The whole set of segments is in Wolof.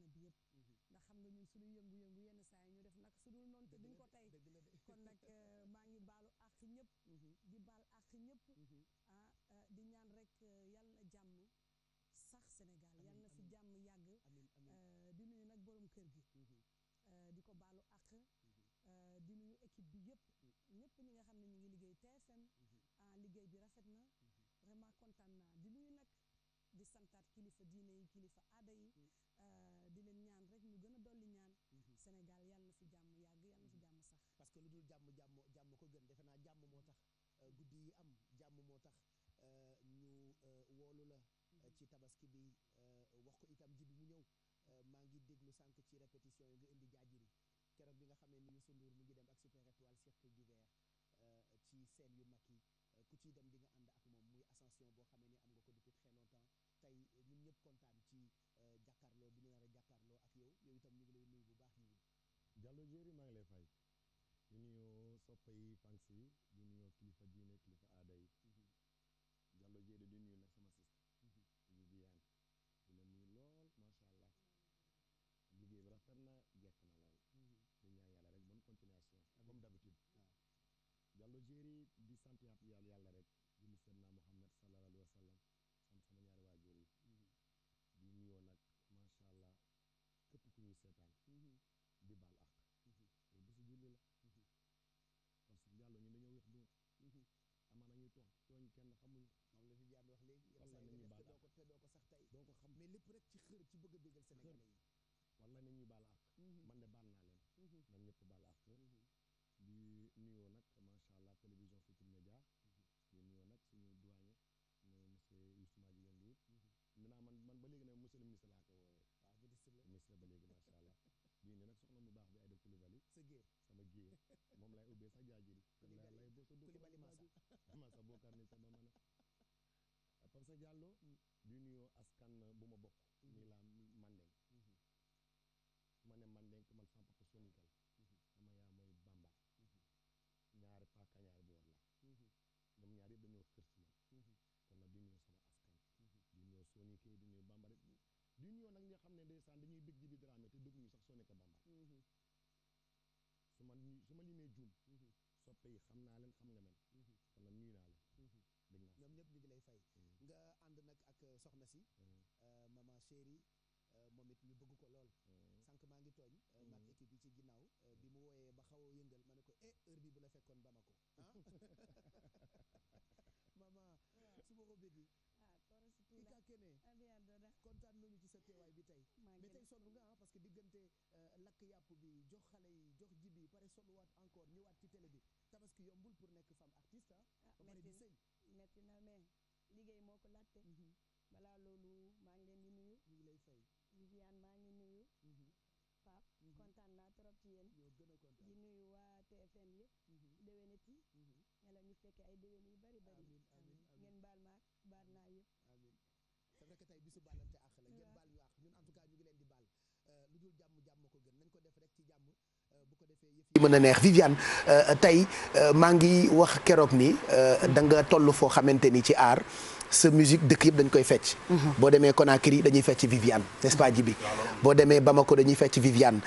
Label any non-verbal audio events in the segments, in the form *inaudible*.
àddina bi yëpp mhm. ndax xam nga ñun suñu yëngu-yëngu yenn saa yi ñu def nag su dul noonu te duñ ko tey kon nag euh, maa ngi baalu àq ñëpp mhm. di baal àq ñëpp mhm. ah euh, di ñaan rek euh, yàlla na jàmm sax Sénégal yàlla na fi jàmm yàgg di nuyu nag boroom kër gi di ko baalu àq di nuyu équipe bi yëpp ñëpp ñi nga xam ne ñu ngi liggéey TFM ah liggéey bi rafet na vraiment kontaan naa di nuyu nag di santaat kilifa diine yi kilifa aada yi que lu dul jàmm jàmm jàmm ko gën defe naa jàmm moo tax euh, guddi yi am jàmm moo tax euh, ñu euh, woolu la ci tabaski bi wax ko itam ji bi mu ñëw maa ngi déglu sànq ci répétition yi nga indi jaajiri keroog bi nga xamee ni Youssou Ndour mu ngi dem ak Super Étoile Cirque d'hiver ci scène yu mag yi ku ci dem di nga ànd ak moom muy ascension boo xamee ni am nga ko depuis très longtemps tey ñun ñëpp kontaan ci jàkkaarloo bi ñu nar a ak yow yow itam ñu ngi lay nuyu bu baax yi Diallo Diéry ngi lay di nuyoo soppa yi fans yi di nuyoo kilifa diine kilifa aada yi mhm. Diallo Diédé di nuyu nag sama sista mhm. Viviane di la nuyu lool macha allah liggéey bi rafet na jekk na lool mhm. di ñaan yàlla rek bonne continuation comme d'habitude Diallo Diédé di sant yàlla Sénégalais yi wala nañuy baal àq mhm. man de baal naa leen man mhm. ñëpp baal àq mhm. di nuyoo nag macha allah télévision Futurs Médias di nuyoo nag suñu doyen mooy monsieur Youssou Madjiguène Ndour maintenant man man ba léegi nag monsieur le ministre laa ko woowee waaw léegi macha allah *laughs* di ne nag soxna mu baax bi Aïda Coulibaly sa géer sama géer moom lay ubbee sax jaajëli lay bo sa Coulibaly Massa Massa *laughs* bokkaar ni sama mën a parce sa Diallo mm. di nuyoo askan bu ma bokk koy di nuyu bambara di nuyoo nag ñi xam ne ndeysaan dañuy bëgg Djiby Dramé te bëgguñu sax soo nekk bambara mhm. su ma su ma limee juum mhm. soppe yi xam naa leen xam nga men mhm. kon nag nuyu naa leen ñoom ñëpp ñu ngi lay fay mm. nga ànd nag ak uh, soxna si mm. uh, maman chérie uh, moom it ñu bëgg ko lool mm. sànq maa ngi tooñ maa équipe yi ci ginnaaw bi mu wooyee ba xaw yëngal ma ne ko eh heure bi bu la fekkoon bama ah maman su ma ko bëgg Ika Kene kontaan nañu ci sa teewaay bi tey mais tey sonn nga ah parce que diggante euh, lakk yàpp bi jox xale yi jox ji bi pare waat encore waat ci télé bi tabaski yombul pour nekk femme artiste ah, ah ba pare di sëy metti na mais liggéey moo ko laajte mhm. balaa loolu maa ngi leen di nuyu ñu lay fay Viviane maa ngi nuyu mhm. Pape mhm. kontaan naa trop ci yéen gën a kontaan nuyu waa TFM yëpp yi yàlla ñu fekkee ay déwén yu bari bari ngeen baal maak baal naa yëpp tey bisu baalante àq la ngeen baal ñu àq ñun en tout cas ñu ngi leen di baal euh, lu dul jàmm jàmm ko gën nañ ko def rek ci jàmm euh, bu ko defee yëf yi mën a neex Viviane euh, tey maa ngi wax keroog ni da nga toll foo xamante ni ci aar sa musique dëkk yëpp dañ koy fecc mhm. boo demee Conakry dañuy fecc Viviane n'est-ce pas Djibi boo demee Bamako dañuy fecc Viviane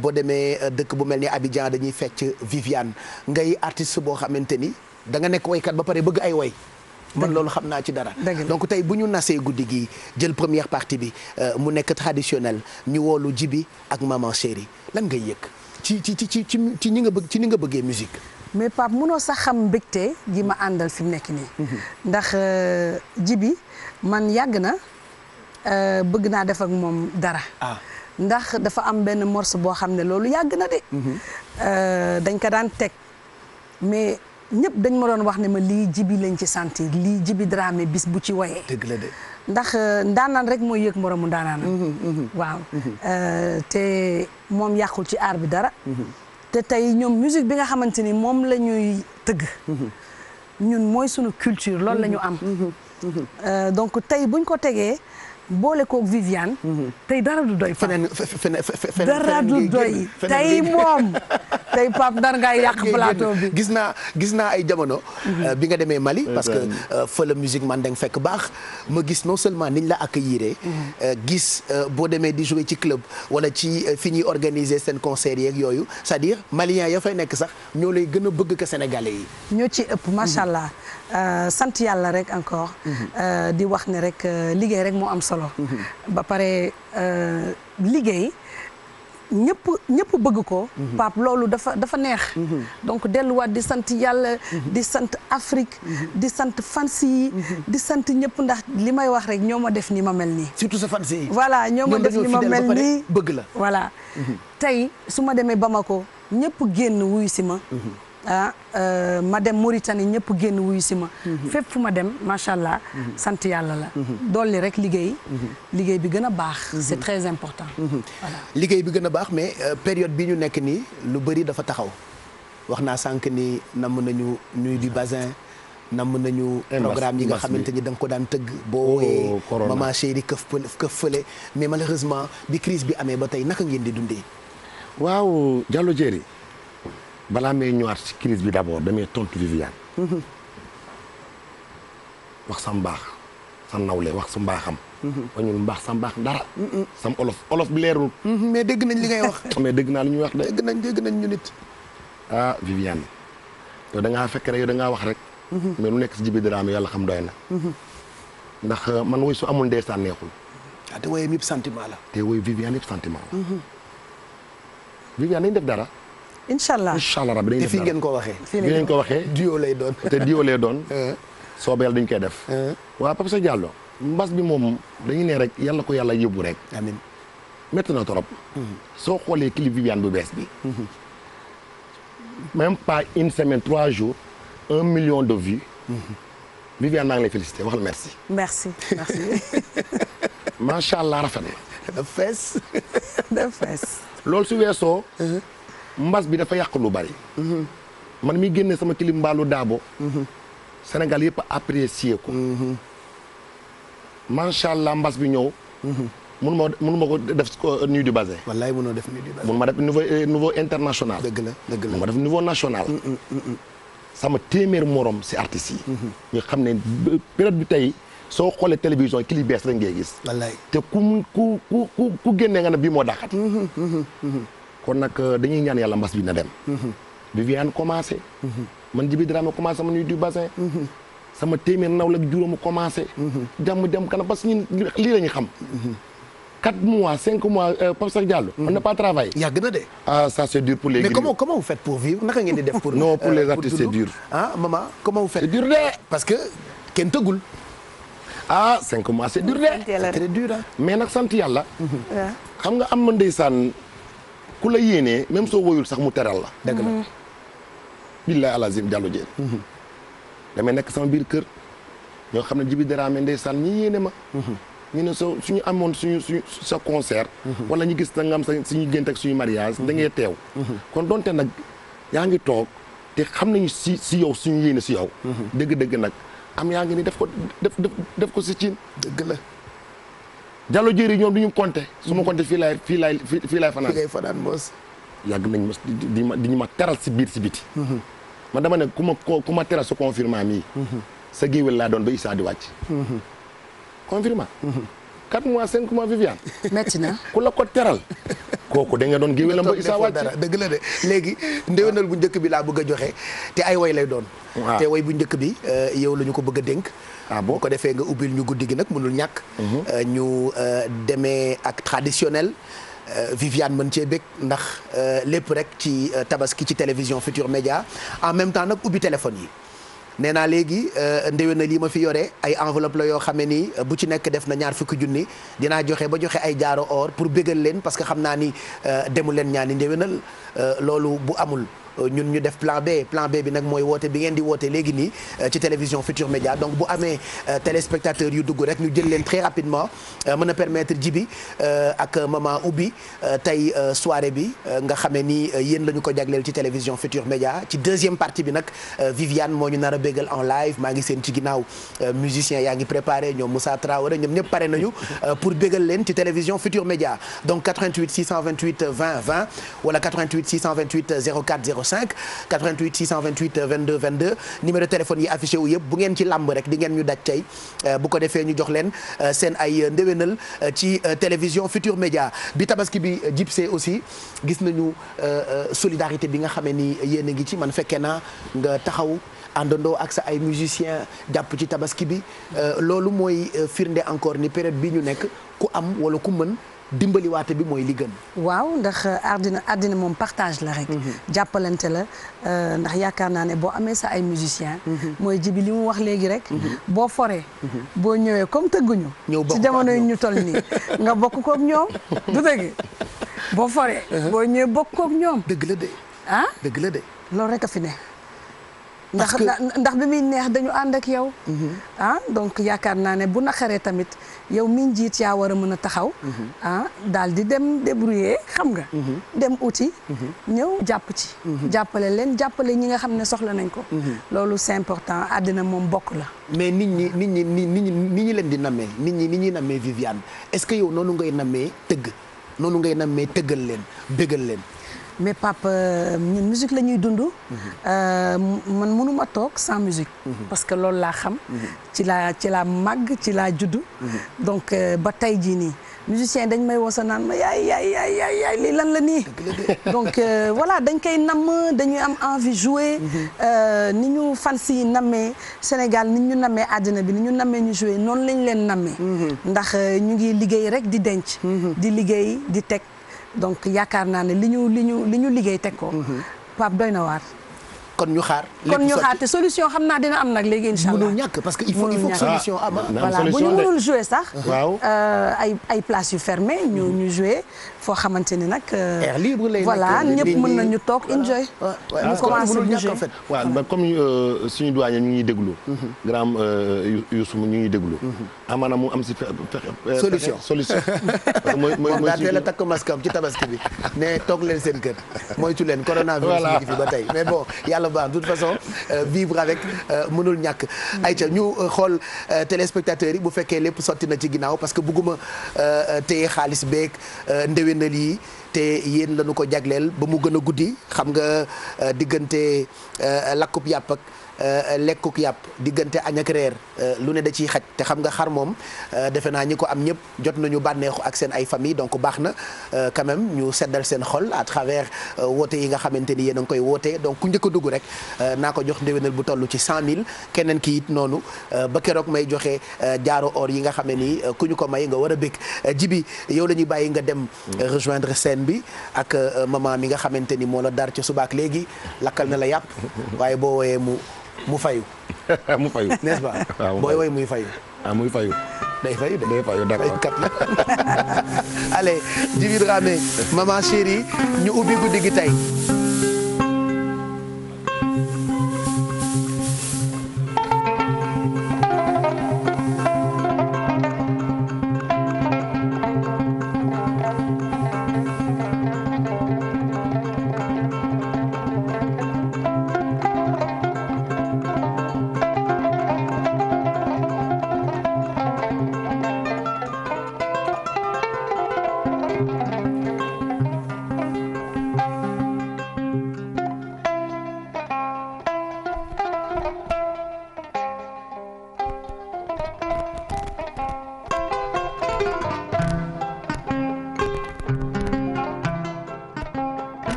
boo demee dëkk bu mel ni Abidjan dañuy fecc Viviane ngay artiste boo xamante ni da nga nekk waykat ba pare bëgg ay way man loolu xam naa ci dara donc tey bu ñu nasee guddi gi jël première partie bi euh, mu nekk traditionnel ñu woolu jibi ak maman chérie lan ngay yëg ci ci ci ci ci ñi nga bëgg ci ni nga bëggee musique mais Pape munoo sax xam mbégte gi ma àndal fi nekk nii mhm. ndax euh, jibi man yàgg na euh, bëgg naa def ak moom dara ah. ndax dafa am benn morceau boo xam ne loolu yàgg na de mhm. dañ ko daan teg mais ñëpp dañ ma wax ne ma lii jibi lañ ci sentir lii jibi Dramé bis bu ci woyee dëgg ndax euh, ndaanaan rek mooy yëg moromu ndaanaan mhm, mhm. waaw mhm. Euh, te moom yàqul ci aar bi dara te tey ñoom musique bi nga xamante ni moom la ñuy tëgg ñun mooy sunu culture loolu la ñu am euh, donc tey buñ ko tegee boole koog Viviane. Mhm. tey dara du doy Pape. feneen feneen dara du doy tey moom. tey Pape ndar ngay *laughs* yàq plateau bi. gis naa gis naa ay jamono. Mhm. Euh, bi nga demee Mali. parce que euh, fa la musique man danga fekk baax. ma gis non seulement niñ la accueillir. Mhm. Euh, gis boo demee di jouer ci club wala ci fi ñuy organiser seen concert yeeg yooyu c'est-à-dire malien ya fay nekk sax ñoo lay gën a bëgg ko sénégalais yi. ñoo ci ëpp macha allah. Euh, sant yàlla rek encore. Euh, di wax ne rek euh, liggéey rek moo am solo. ba pare liggéey. ñëpp ñëpp bëgg ko. Pape loolu dafa dafa neex. donc delluwaat di sant yàlla. di sant Afrique. di sant fans yi. di sant ñëpp ndax li may wax rek ñoo ma def ni ma mel nii. surtout sa fans yi. voilà ñoo ma def ni ma mel nii bëgg la. voilà mhm. tey su ma demee ba ma ko ñëpp génn wuyu si ma. ah euh, ma dem Mauritanie ñëpp génn wuyu si ma. Mhm. fépp fu ma dem macha allah. Mhm. sant yàlla la. Mhm. dolli rek liggéey. liggéey bi gën a baax. c'est très important. liggéey bi gën a baax mais euh, période bi ñu nekk nii lu bëri dafa taxaw wax naa sànq ni namm nañu nuyu di bazin. namm nañu eh, programme yi nga xamante ni da nga ko daan tëgg boo wooyee oh, maman chérie këf këf fële mais malheureusement bi crise bi amee ba tey naka ngeen di dundee waaw Diallo Diéry balaa may ñëwaat ci crise bi d'abord damay tontu Viviane. Mhm. wax sa mbaax sa nawle wax sa mbaaxam. wañul mhm. mbaax sa mbaax dara. Mhm. sam olof olof bi leerul. mais dégg nañ li ngay wax. *laughs* mais dégg naa ñuy wax de. nañ dégg nañ ñu nit. ah Viviane yow da ngaa fekk rek yow da ngaa wax rek. mais lu nekk ci Djiby Dramé yàlla xam doy na. ndax euh, man woy su amul ndeysaan neexul. ah te woyam yëpp sentiment la. te woy Viviane yëpp santiment la. Viviane nañ def dara. incha allah incha allah rabbi dañuy def dara fii ngeen ko waxee. fii ngeen ko waxee *laughs* doon. te duo lay doon. *laughs* Eh. soobee yàlla dañ koy def. Eh. waaw Pape Sa Diallo mbas bi moom dañu nee rek yàlla ko yàlla yóbbu rek. amiin métti na trop. Mm-hmm. soo xoolee clip Viviane bu bees bi. Mm-hmm. même pas une semaine trois jours un million de vues. Mm-hmm. Viviane maa ngi lay félicité waxal merci. merci merci. *laughs* macha allah rafet na. da fees. da fees. loolu mbas bi dafa yàq lu bari. man mi génne sama kilim mbaalu daabo. Sénégal yëpp apprécier ko. macha allah mbas bi ñëw. mun ma mun ma ko def euh, nuyu du basé. wallaay munoo def nuyu du basé. mun ma def niveau euh, niveau international. dëgg la dëgg la mun ma def niveau national. Mm, mm, mm, sama téeméer morom si artistes yi. Mm-hmm. ñu xam ne période bi tey soo xoolee télévision clip bees rek ngay gis. wallaay te ku ku ku ku génnee nga ne bii moo dàqat. kon nag euh, dañuy ñaan yàlla mbas bi na dem. Viviane mm-hmm. mm-hmm. commencé. man Djiby Dramé commencé sama nuyu du bassin. Mm-hmm. sama téeméer nawla ak juróomu commencé. jàmm dem kanam parce que ñun lii la ñu xam. 4 mois 5 mois euh, Pape Cheikh Diallo. on n'a pas travaillé. yàgg na de. ah ça c'est dur pour les. mais comment comment vous di def. pour euh, ah, c'est dur. de parce que kenn tëggul. ah cinq mois c'est dur de. c'est mais nag sant yàlla. xam nga am na ndeysaan. ku la yéenee même soo woyul sax mu teral la. dëgg la. Mm-hmm. billaay alazim jàllu jéen. Mm-hmm. damay nekk sama biir kër ñoo xam ne Djiby Dramé ndeysaan ñi yéene ma. Mm-hmm. ñu ne soo suñu amoon suñu suñu sa concert. wala ñu gis na nga am sa suñu gént suñu mariage. da ngay teew. kon donte nag yaa ngi toog te xam nañu si si yow suñu yéene si yow. dëgg-dëgg nag am yaa ngi ni def ko def def ko si ciin dëgg la. Diallo Diéry ñoom du ñu compter. su ma compter fii laay fii laay fii laay fanaan. fii ngay fanaan boos. yàgg nañ ma di ma di ñu ma teral si biir si biti. Mhm. man dama ne ku ma ku ma teral sa confirmant mii. Mhm. sa géwél laa doon ba Issa di wàcc. Mhm. confirmant. 4 mois 5 mois Viviane. metti na ku la ko teral. kooku da nga doon géwélam ba Issa wàcc dëgg la de léegi ndéwénal bu njëkk bi laa bëgg a joxe te ay way lay doon. te way bu njëkk bi euh, yow la ñu ko bëgg a dénk. ah bon ko defee nga ubbil ñu guddi gi nag mënul ñàkk. Mhm. Euh, ñu euh, demee ak traditionnel. Euh, Viviane mën cee bég ndax lépp rek ci tabaski ci télévision Futur Média en même temps nag ubbi téléphone yi. nee naa léegi ndewe na lii ma fi yore ay enveloppe la yoo xamee ni bu ci nekk def na ñaar fukki junni dinaa joxe ba joxe ay jaaro or pour bëggal leen parce que xam naa ni demu leen ñaani ndewenal loolu bu amul. ñun ñu def plan B plan B bi nag mooy woote bi ngeen di woote léegi nii euh, ci télévision Futur Média donc bu amee euh, téléspectateurs yu dugg rek ñu jël leen très rapidement euh, mën a permettre jibi ak maman ubbi tey soirée bi nga xamee ni yéen la ko jagleel ci télévision Futur Média ci deuxième partie bi nag Viviane moo ñu nar a bégal en live maa ngi seen ci ginnaaw musicien yaa ngi préparé ñoom Moussa Traoré ñoom ñëpp pare nañu pour bégal leen ci télévision Futur 05 88 628 22 22 numéro téléphone yi affiché wu yëpp bu ngeen ci làmb rek di ñu daj tey euh, bu ko defee ñu jox leen euh, seen ay euh, ndéwénal ci télévision Futur Média bi tabaski bi jibsee aussi gis nañu solidarité bi nga xamee ni yéen a ngi ci man fekkee naa nga taxaw àndandoo ak sa ay musiciens jàpp ci tabaski bi loolu mooy firnde encore ni période bi ñu nekk ku am wala ku mën dimbaliwaate bi mooy li waaw ndax euh, àddina àddina moom partage la rek. Mhm. jàppalante la euh, ndax yaakaar naa ne boo amee sa ay musiciens. Mhm. mooy jibi li mu wax léegi rek. Mhm. boo foree. boo ñëwee comme tëgguñu. ñëw ci jamono yi ñu toll nii nga bokk kook ñoom du dëgg boo foree. Uh-huh. boo ñëwee bokk kook ñoom. dëgg la de. ah dëgg loolu rek a fi ne. ndax ndax bi muy neex dañu ànd ak yow. Mm-hmm. ah donc yaakaar naa ne bu naqaree tamit yow mi njiit yaa war a mën a taxaw. Mm-hmm. ah daal di dem débrouiller xam nga. Mm-hmm. dem uti. ñëw jàpp ci. jàppale leen jàppale ñi nga xam ne soxla nañ ko. loolu c'est important àddina moom bokk la. mais nit ñi nit ñi nit ñi nit ñi leen di namee nit ñi nit ñi namee Viviane est-ce que yow noonu ngay namee tëgg noonu ngay namee tëggal leen bégal leen. mais papa euh, ñun musique la ñuy dund. Euh, man mënuma toog sans musique. Mhm. parce que loolu laa xam. Mhm. ci laa ci laa màgg ci laa juddu. Mhm. donc euh, ba tey jii nii. musicien dañ may woosa naan ma yaay yaay yaay lii lan la nii. *laughs* donc voilà dañ koy namm dañuy am envie jouer. ni ñu fan yi nammee Sénégal ni ñu nammee àddina bi ni ñu nammee ñu jouer noonu lañ leen nammee. ndax ñu ngi liggéey rek di denc. di liggéey di teg. donc yaakaar naa ne li ñu li ñu li ñu liggéey teg ko. Mhm. Pape doy na waar. kon ñu xaar kon ñu xaar te solution xam naa dina am nag léegi incha allah ñàkk parce que il faut il faut que solution am. Ah, voilà bu ñu mënul jouer sax. waaw euh, ay ay places yu fermées ñu mhm. ñu jouer foo xamante ni nag. Euh, air libre lay voilà ñëpp mën nañu toog enjoy. mu commencé bougé waaw comme euh, suñu doyen ñu ngi déglu. Mhm. Gram euh, Youssouf ñu ngi déglu. Mhm. amaana mu am si pexe. solution solution. *laughs* mooy mooy mooy suñu la takk masque am ci tabaski bi ne toog leen seen kër moytu leen coronavirus mi ngi fi ba tey mais bon yàlla baax de toute façon vivre avec mënul ñàkk. ayca ñu xool téléspectateurs yi bu fekkee lépp sotti na ci ginnaaw parce que bugguma téye xaalis beeg ndewe na lii te yéen lañu ko jagleel ba mu gën a guddi xam nga euh, diggante euh, lakkub yàpp Euh, lekkuk yàpp diggante añ ak reer euh, lu ne da ciy xaj te xam nga xar moom euh, defe naa ñi ko am ñëpp jot nañu bànneexu ak seen ay famille donc baax na quand même ñu seddal seen xol à travers woote yi nga xamante ni yéen a ngi koy woote donc ku njëkk dugg rek naa ko jox ndéwénal bu toll ci 100000 keneen ki it noonu ba keroog may joxe jaaro or yi nga xam ne nii ku ñu ko may nga war a bëgg jibi yow la ñuy bàyyi nga dem. Mm. rejoindre scène bi ak maman mi nga xamante ni moo la dar ca subaak léegi lakkal na la yàpp *laughs* waaye boo wooyee mu. mu fayu. *laughs* mu fayu n'est-ce pas. waaw booy woy muy fayu. day fayu de day fayu d'accord kat la. *laughs* allez ñu ubbi guddi gi tey.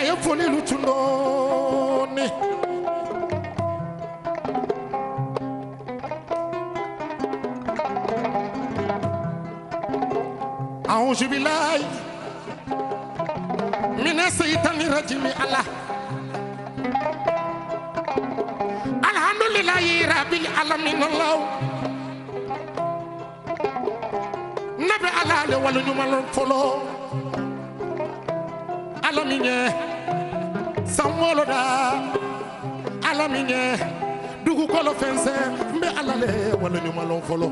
naye voli lutundoni أعوذ بالله من الشيطان الرجيم الله الحمد لله رب العالمين الله نبي الله ولنمال فلو alamin mawloɗa alamiñe dugu kolo fense mbe alale walla ñumalon folo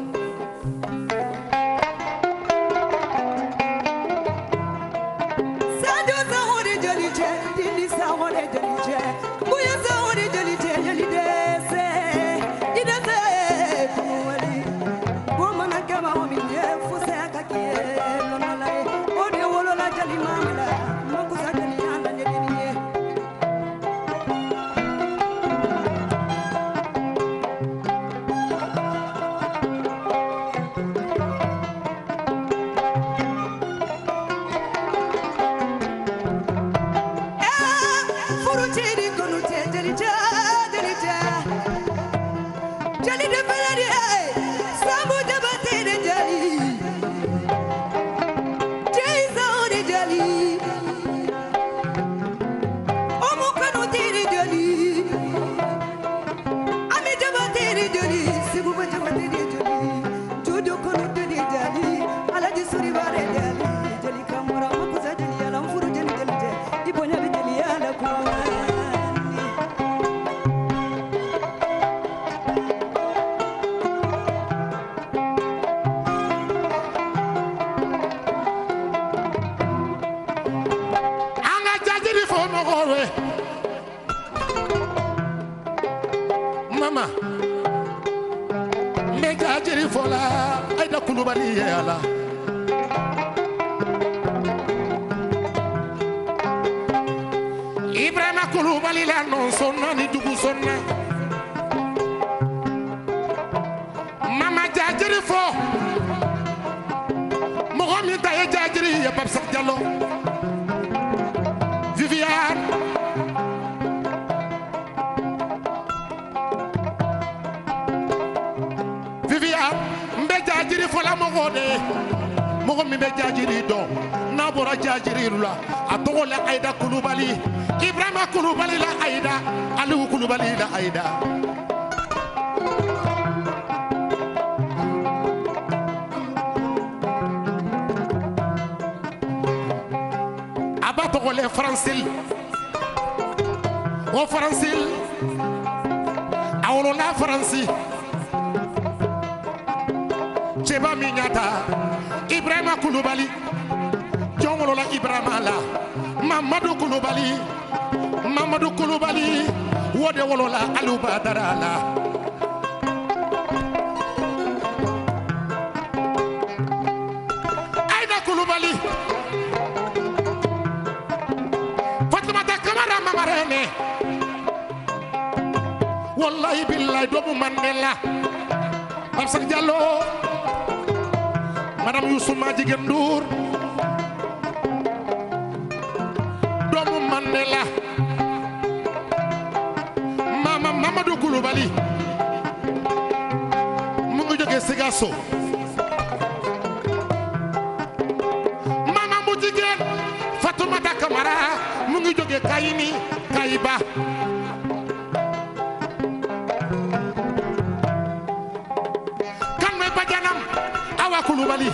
Koulibaly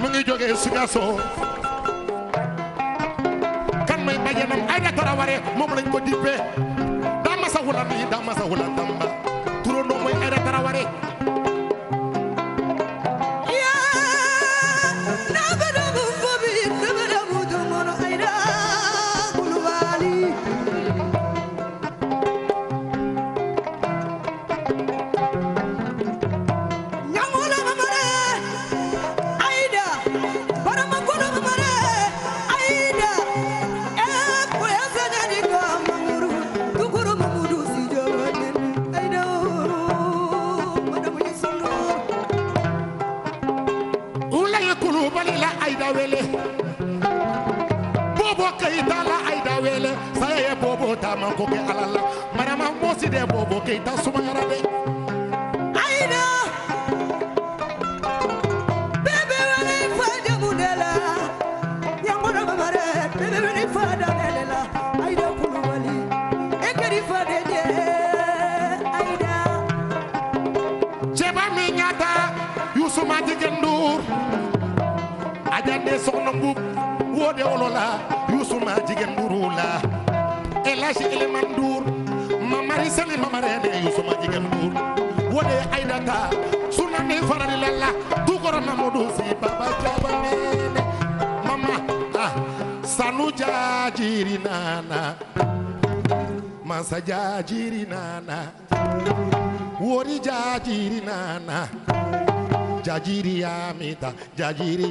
mu ngi jógee Sikaso kan may bajanam Aïda Traoré moom lañ ko dippee daa masa wulan yi daa masa wulan tamba turandoo mooy Aïda Traoré jajiri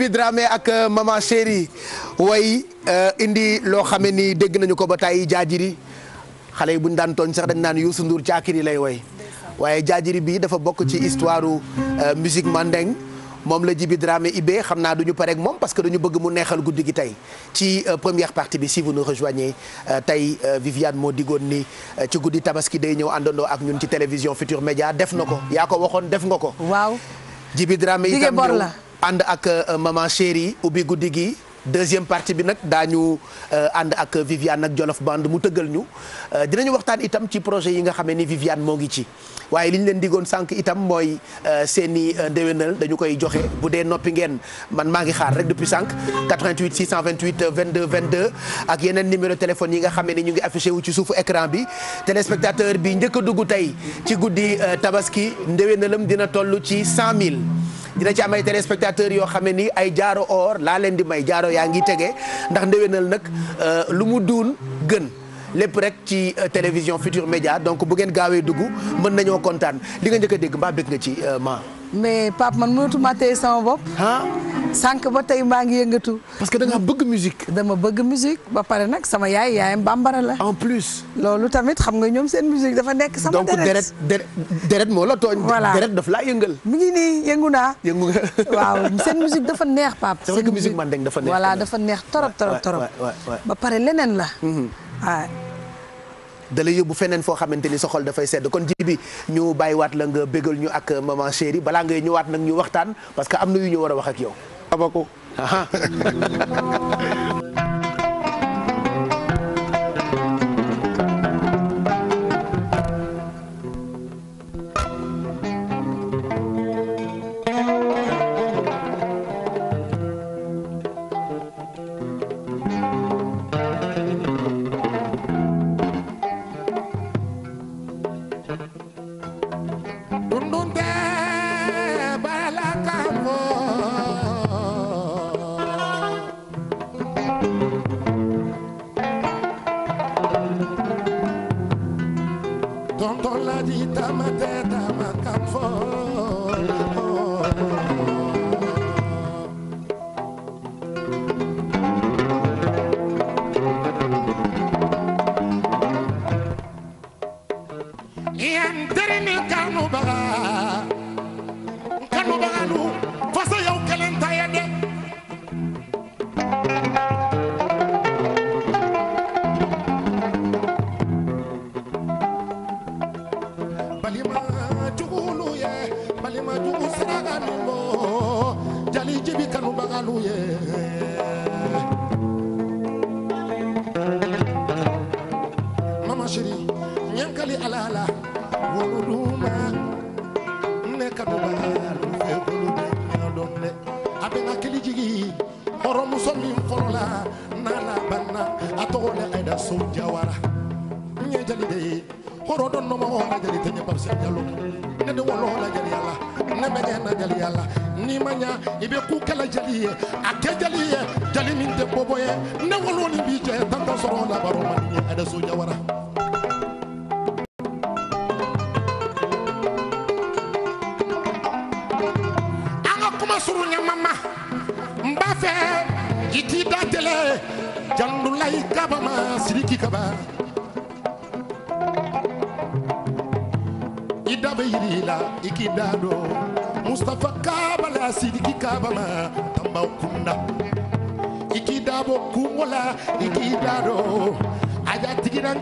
Djiby Dramé ak euh, maman chérie way euh, indi loo xamee ni dégg nañu ko ba tàyyi jaajiri xale yi buñ daan tooñ sax dañ naan Youssou Ndour caakiri lay way waaye jaajiri bi dafa bokk ci histoire euh, musique mandeng moom la Djiby Dramé ibee xam naa duñu ñu pareeg moom parce que dañu bëgg mu neexal guddi gi tey ci première partie bi si vous nous rejoignez tey Viviane moo digoon ni ci guddi tabaski day ñëw àndandoo ak ñun ci télévision Futur Média def na ko yaa ko waxoon def nga ko. waaw Djiby Dramé ànd ak euh, maman chérie ubbi guddi gi deuxième partie bi nag daañu euh, ànd ak Viviane ak Jolof Band mu tëggal ñu euh, dinañu waxtaan itam ci projet yi nga xamee ni Viviane moo ngi ci waaye li ñu leen digoon sànq itam mooy seen i ndéwénal dañu koy joxe bu dee noppi ngeen man maa ngi xaar rek depuis sànq 88 628 22 22 ak yeneen numéro téléphone yi nga xamee ni ñu ngi affiché wu ci suufu écran bi téléspectateur bi njëkk a tey ci guddi tabaski ndéwénalam dina toll ci 100000. dina ci am ay téléspectateurs yoo xam ne ni ay jaaro or laa leen di may jaaro yaa ngi tege ndax ndewenal nag euh, lu mu duun gën lépp rek ci euh, télévision Futur Média donc bu ngeen gaawee dugg mën nañoo kontaan li nga njëkk a dégg mbaa bëgg nga ci euh, ma mais Pape man mënatuma téye sama bopp. ah. sànq ba tey maa ngi yëngatu. parce que da bëgg musique. dama bëgg musique ba pare nag sama yaay yaayam bambara la. en plus. loolu tamit xam nga ñoom seen musique dafa nekk sama. donc deret deret moo la tooñ. voilà deret daf laa yëngal. mi ngi nii yëngu naa. yëngu nga *laughs* dafa neex Pape. seen musique man dafa neex. voilà dafa neex torop torop torop. ba pare leneen la. Mhm. da lay yóbbu feneen foo xamante ni sa xol dafay sedd kon ji bi ñu bàyyiwaat la nga bégal ñu ak maman chérie balaa ngay ñëwaat nag ñu waxtaan parce que am na yu ñu war a wax ak yow. abako *laughs*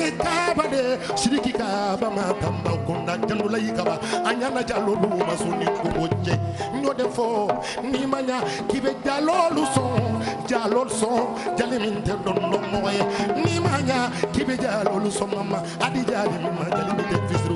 siriki kaba de siriki kaba ma tamba kunda jandu layi kaba anyana jalolu masuni kuboje nyode fo ni manya kibe jalolu son jalol son jali min te don no moye ni manya kibe jalolu son mama adi jali mama jali mi te fisru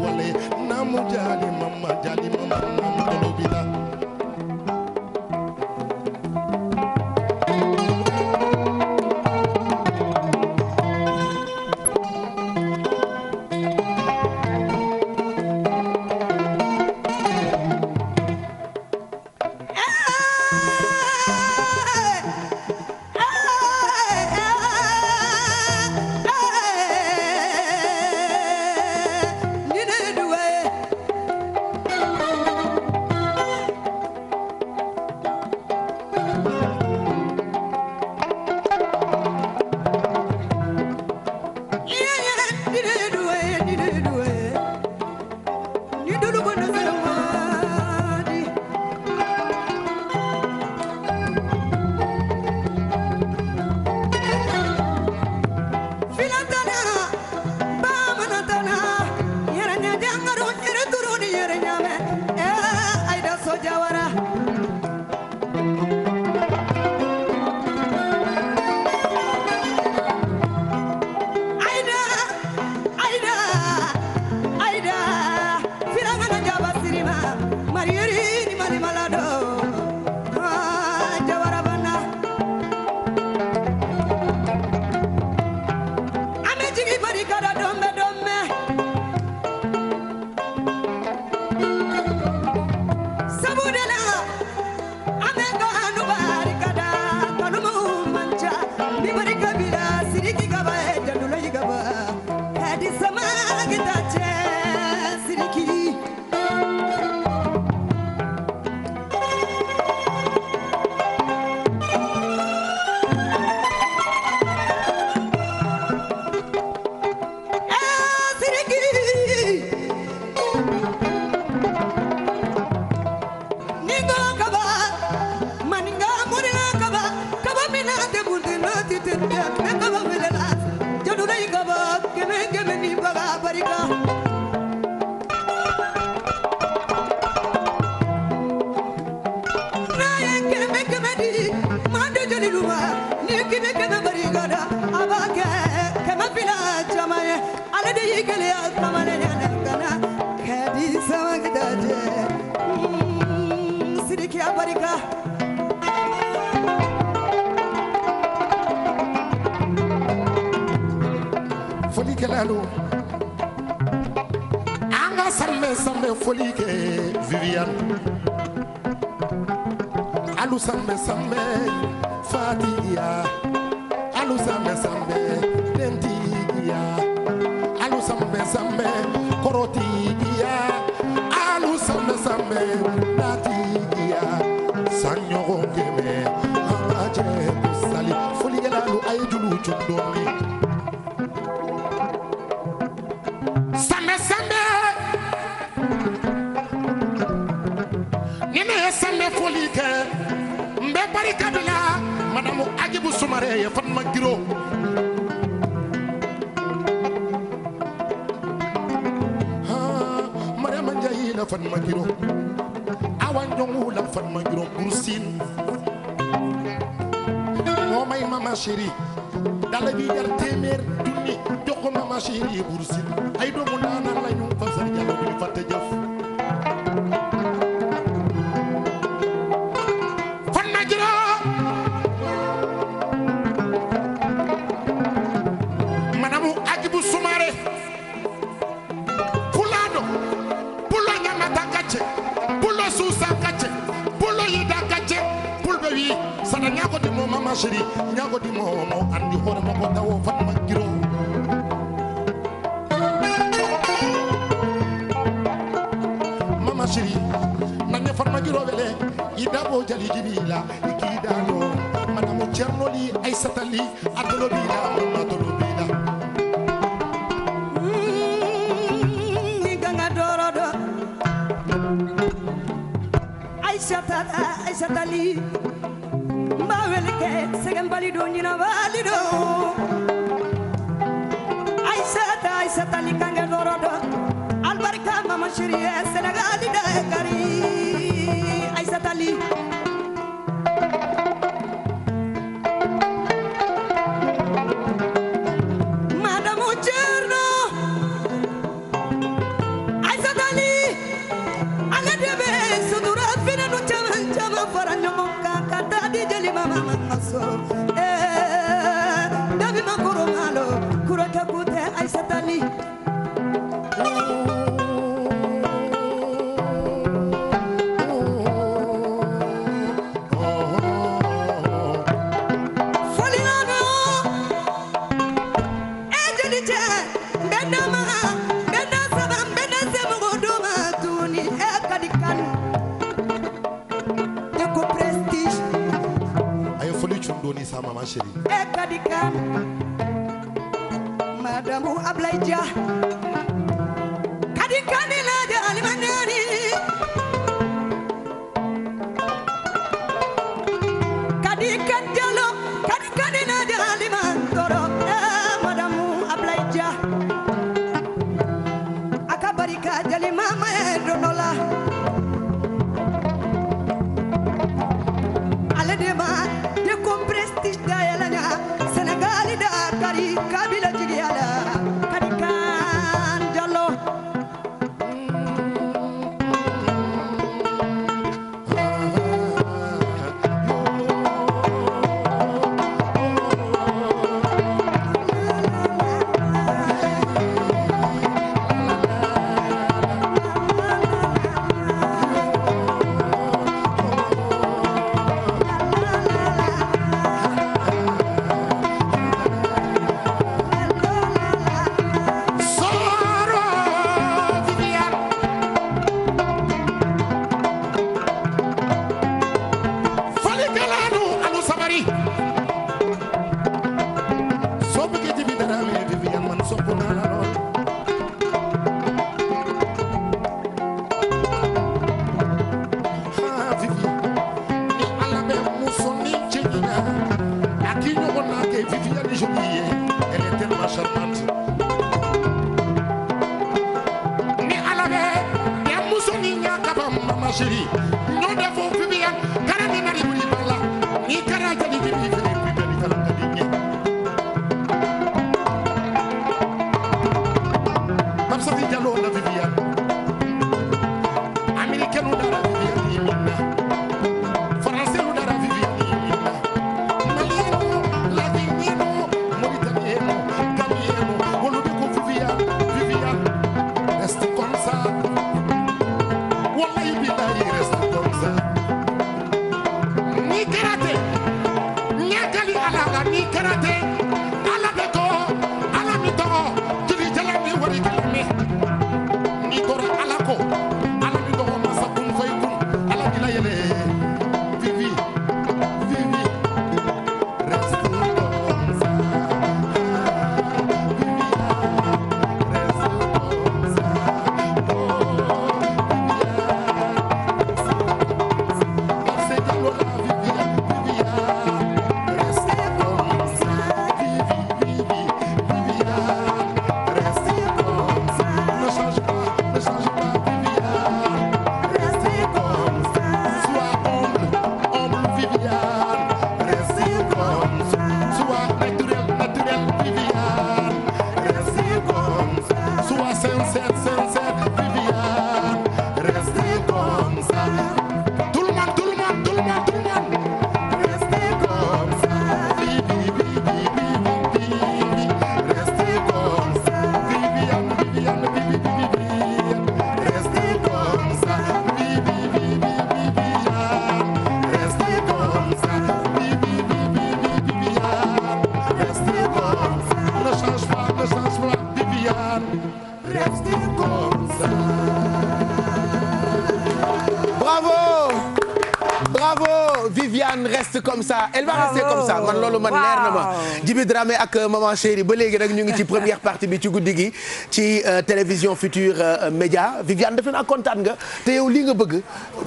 reste comme ça elle va rester comme ça man loolu man leer na ma Djiby Dramé ak euh, maman chérie ba léegi rek ñu ngi ci première *laughs* partie bi ci guddi gi ci euh, télévision Futur euh, Média Viviane def naa kontaan nga te yow lii nga bëgg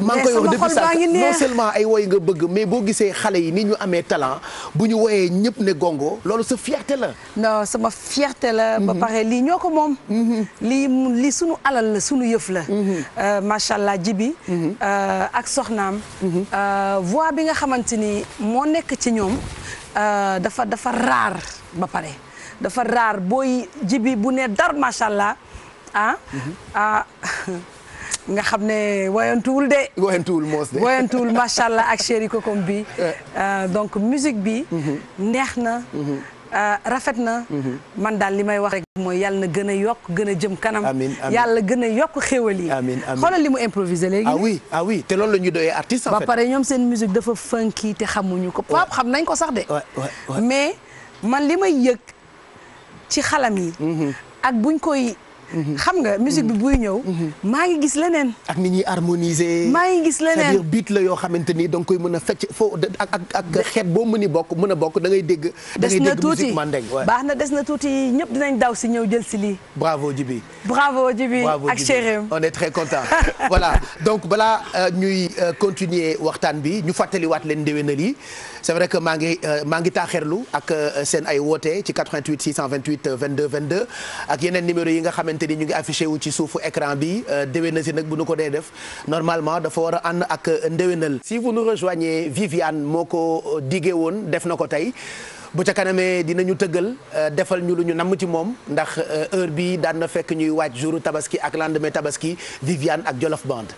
man ngi koy wax depuis ay woy nga bëgg mais boo gisee xale yi ni ñu amee talent bu ñu woyee ñëpp ne gongo loolu sa fierté la non sama fierté la ba mhm. pare lii ñoo ko moom mhm. lii sunu alal la sunu yëf la mhm. euh, macha allah jibi euh, ak soxnaam euh, voix bi nga xamante ni moo nekk ci ñoom dafa dafa raar ba pare dafa raar booy jibi bu ne dar macha allah ah, ah. *laughs* nga xam ne woyantuwul de. woyantuwul moos de woyantuwul macha allah ak chéri kokom bi *laughs* eh. euh, donc musique bi. Mhm. neex na. Mhm. Euh, rafet na. Mhm. man daal li may wax rek mooy yàlla na gën a yokk gën a jëm kanam. amiin amiin yàlla gën a yokk xéwal yi. amiin amiin xoolal li mu improvisé léegi. ah oui ah oui te loolu la ñuy doyee artiste. en fait ba pare ñoom seen musique dafa funky te xamuñu ko. pap xam nañ ko sax de. mais man li may yëg ci xalam yi. ak buñ koy. Mm-hmm. xam nga musique bi mm-hmm. buy ñëw. Mm-hmm. maa ngi gis leneen. ak ni ñi harmoniser. maa ngi gis leneen biit la yoo xamante ni da koy mën a fecc foo ak ak xeet boo mën a bokk mën a bokk da ngay dégg. da ngay dégg musique mandeng baax na des na tuuti ñëpp dinañ daw si ñëw jël si lii. bravo Djiby. bravo Djiby ak chérim on est très content *laughs* voilà donc balaa euh, ñuy euh, continuer waxtaan bi ñu fàttaliwaat leen ndéwénal yi. c'est vrai que maa ngi euh, maa ngi taaxeerlu ak euh, seen ay woote ci 88 628 22 22 ak yeneen numéro yi nga xamante ni ñu ngi affiché wu ci suufu écran bi euh, déwénal si nag bu nu ko dee def normalement dafa war a ànd ak ndéwénal si vous nous rejoignez Viviane moo ko diggee woon def na ko tey bu ca kanamee dinañu tëggal defal ñu lu ñu namm ci moom ndax heure bi daan na fekk ñuy waaj jouru tabaski ak lendemain tabaski Viviane ak Jolof Band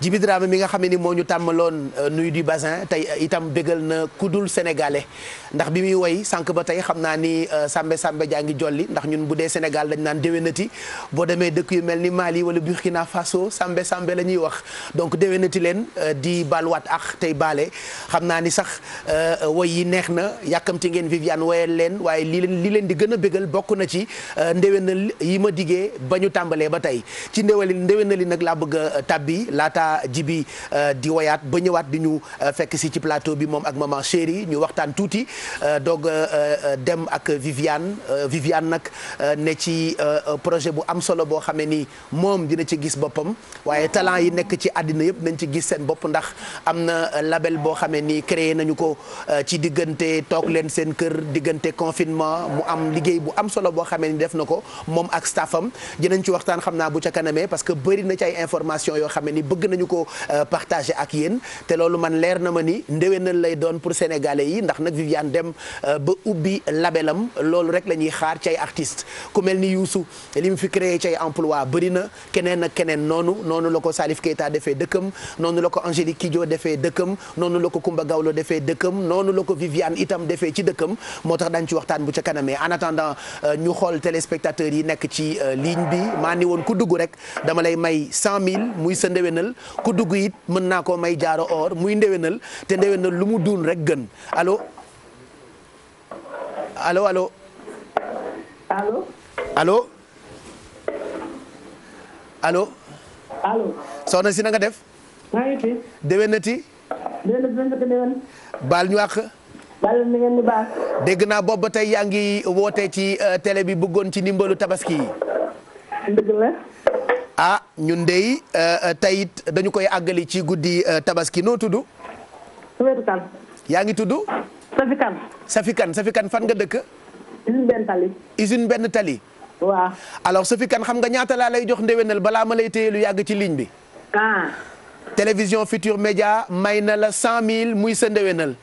Djiby Dramé mi nga xam ne ni moo ñu tàmmaloon euh, nuyu du Bazin tey euh, itam bégal na ku dul sénégalais ndax bi muy woy sànq ba tey xam naa ni sambe euh, sambe jaa ngi jolli ndax ñun bu dee Sénégal dañ naan déwénati boo demee dëkk yu mel ni Mali wala Burkina Faso sambe sambe la ñuy wax donc déwénati leen di balwaat ax tey baale xam naa ni sax woy yi neex na yàkkamti ngeen Viviane woyal leen waaye li leen li leen di gën a bégal bokk na ci ndéwénal yi ma diggee ba ñu tàmbalee ba tey ci ndéwénal ndéwénal yi nag laa bëgg a tàbbi balaa jibi euh, di woyaat ba ñëwaat di ñu euh, fekk si ci plateau bi moom ak maman chérie ñu waxtaan tuuti euh, doog dem ak Viviane Viviane nag ne ci projet bu am solo boo xamee ni moom dina ci gis boppam waaye talent yi nekk ci àddina yëpp nañ ci gis seen bopp ndax am na label boo xamee ni créé nañu ko ci diggante toog leen seen kër diggante confinement mu am liggéey bu am solo boo xamee ni def na ko moom ak staffam dinañ ci waxtaan xam naa bu ca kanamee parce que nañu ko euh, partagé ak yéen te loolu man leer na ma ni ndewenal lay doon pour sénégalais yi ndax nag Viviane dem euh, ba ubbi labelam loolu rek la ñuy xaar cay artiste ku mel ni Youssou li mu fi créé cay emploi bëri na keneen ak keneen noonu noonu la ko Salif Keita defee dëkkam noonu la ko Angélique Kidjo defee dëkkam noonu la ko Kumba Gawlo defee dëkkam noonu la ko Viviane itam defee ci dëkkam moo tax dañ ci waxtaan bu ca kanamee en attendant euh, ñu xool téléspectateurs yi nekk ci ligne bi maa woon ku dugg rek dama lay may 100000 muy sa ndéwénal ku dugg it mën naa koo may jaaro or muy ndewenal te ndewenal lu mu duun rek gën allo allo allo. allo. allo. allo. allo. soxna si na def. maa ngi fi. déwénati. baal ñu àq. dégg naa boobu ba tey yaa ngi woote ci euh, télé bi bëggoon ci ndimbalu tabaski yi. a ñun dey euh, euh, tey it dañu koy àggali ci guddi euh, tabaski noo tudd. yaa ngi tudd. Safi Kan. Safi Kan Safi fan nga dëkk. usine benn tali. usine benn tali. waaw. alors Safi Kan xam nga ñaata laa lay jox ndewenal balaa ma lay téye lu yàgg ci ligne bi. ah. télévision future Média may na la cent mille muy sa ndewenal.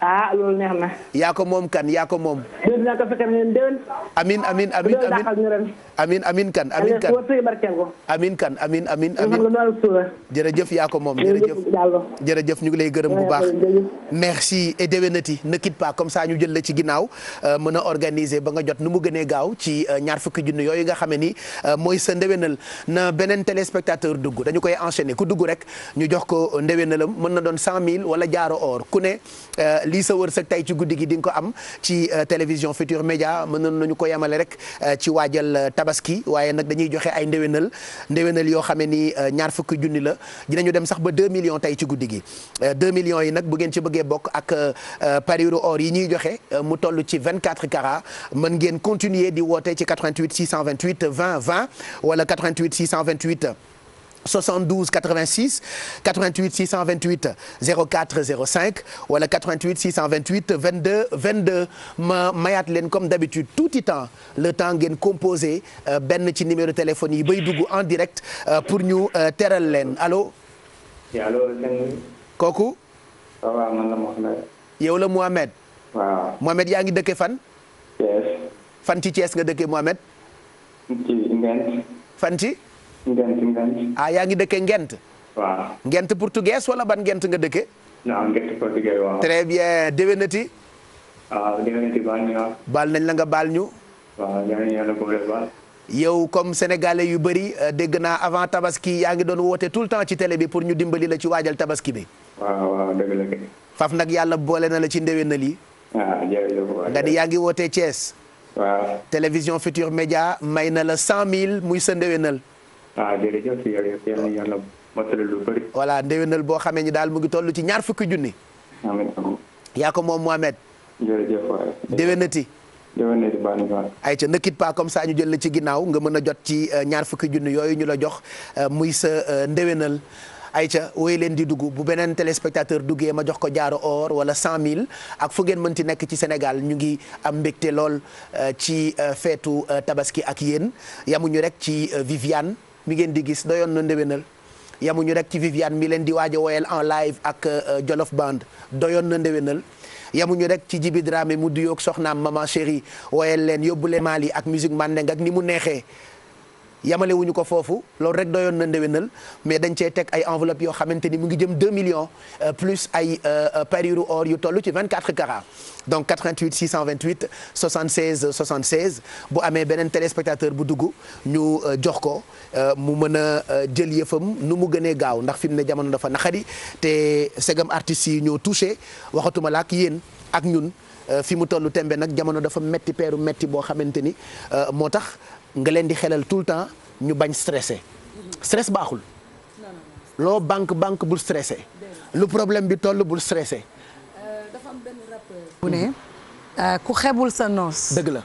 ah loolu neex na. yaa ko moom kan yaa ko moom. dégg naa ko fekkee ne déwén. jërëjëf yaa ko moom jërëjëf. jërëjëf ñu ngi lay gërëm bu baax. merci et déwénati ne quitte pas comme ça ñu jël la ci ginnaaw euh, mën a organiser ba nga jot nu mu gënee gaaw ci euh, ñaar fukki junni yooyu nga xam ne ni euh, mooy sa ndéwénal na beneen téléspectateur dugg dañu koy enchaîner ku dugg rek ñu jox ko ndéwénalam mën na doon cent mille wala jaaro or ku ne lii sa wërsëg tey ci guddi gi di nga ko am ci euh, télévision Futur Média mën nañu ko yemale rek euh, ci waajal euh, tabaski waaye nag dañuy joxe ay ndéwénal ndéwénal yoo xam ne ni ñaar fukki junni la dinañu dem sax ba deux millions tey ci guddi gi 2 millions yi nag bu ngeen ci bëggee bokk ak pariru or yi ñuy joxe mu toll ci 24 carats mën ngeen continuer di woote ci 88 628 20 20 wala 88 628 72 86 88 628 04 05 wala 88 628 22 22 ma mayaat leen comme d'habitude tuuti temps le temps ngeen composé euh, benn ci numéro téléphone yi bay dugg en direct euh, pour ñu euh, teral leen allo. allo. kooku. la Mohamed. yow la Mohamed. waaw. Mohamed yaa ngi dëkkee fan. Thiès. ci Thiès nga dëkkee Mohamed. ci Ngent. Ngent ah, yaa ngi dëkkee Ngent. Ngent portugais wala ban Ngent nga dëkkee. non Ngent portugais waaw. très bien déwénati. waaw ah, déwénati baal ñu baal nañ la nga baal ñu. yow comme sénégalais yu bëri euh, dégg naa avant tabaski yaa ngi doon woote tout le temps ci télé bi pour ñu dimbali la ci waajal tabaski bi. waaw nag yàlla boole na la ci ndéwénal yi. ah jërëjëf nga di yaa ngi wootee Thiès. télévision Futur Média may na la cent mille muy sa ndéwénal. waaw ah, voilà ndéwénal boo xamee ni daal mu ngi tollu ci ñaar fukki junni. amiin yaa ko moom Mohamed. déwénati. ayca ne pas comme ça ñu jël la ci ginnaaw nga mën a jot ci euh, ñaar fukki junni yooyu ñu la jox euh, muy sa euh, ndéwénal. Aïcha wooy leen di dugg bu beneen téléspectateur duggee ma jox ko jaaro or wala mille ak fu ngeen mënti nekk ci Sénégal ñu ngi am mbégte lool ci feetu tabaski ak yéen yamuñu rek ci Viviane. bi ngeen di gis doyoon na ndéwénal yamuñu rek ci Viviane mi leen di waaj a woyal en live ak euh, euh, Jolof Band doyoon na ndéwénal yamuñu rek ci Djiby Dramé mu di duyoog soxnaam maman chérie woyal leen yóbbu leen Mali ak musique mandeng ak ni mu neexee yamale ko foofu loolu rek doyoon na ndewenal mais dañ cee teg ay enveloppe yoo xamante ni mu ngi jëm 2 millions euh, plus ay euh, euh, parure or yu toll ci 24 carats donc 88 628 76 76 bu amee beneen téléspectateur bu dugg ñu jox ko mu mën a jël yëfam nu mu gënee gaaw ndax fi mu ne jamono dafa naqari te segam artistes yi ñoo touché waxatuma la ak yéen ak ñun fi mu toll tembe nag jamono dafa metti peeru metti boo xamante ni moo tax nga leen di xelal tout le temps ñu bañ stressé stress baaxul loo banque banque bul stressé lu problème bi toll bul stressé. bu ne ku xebul sa noos. dëgg la.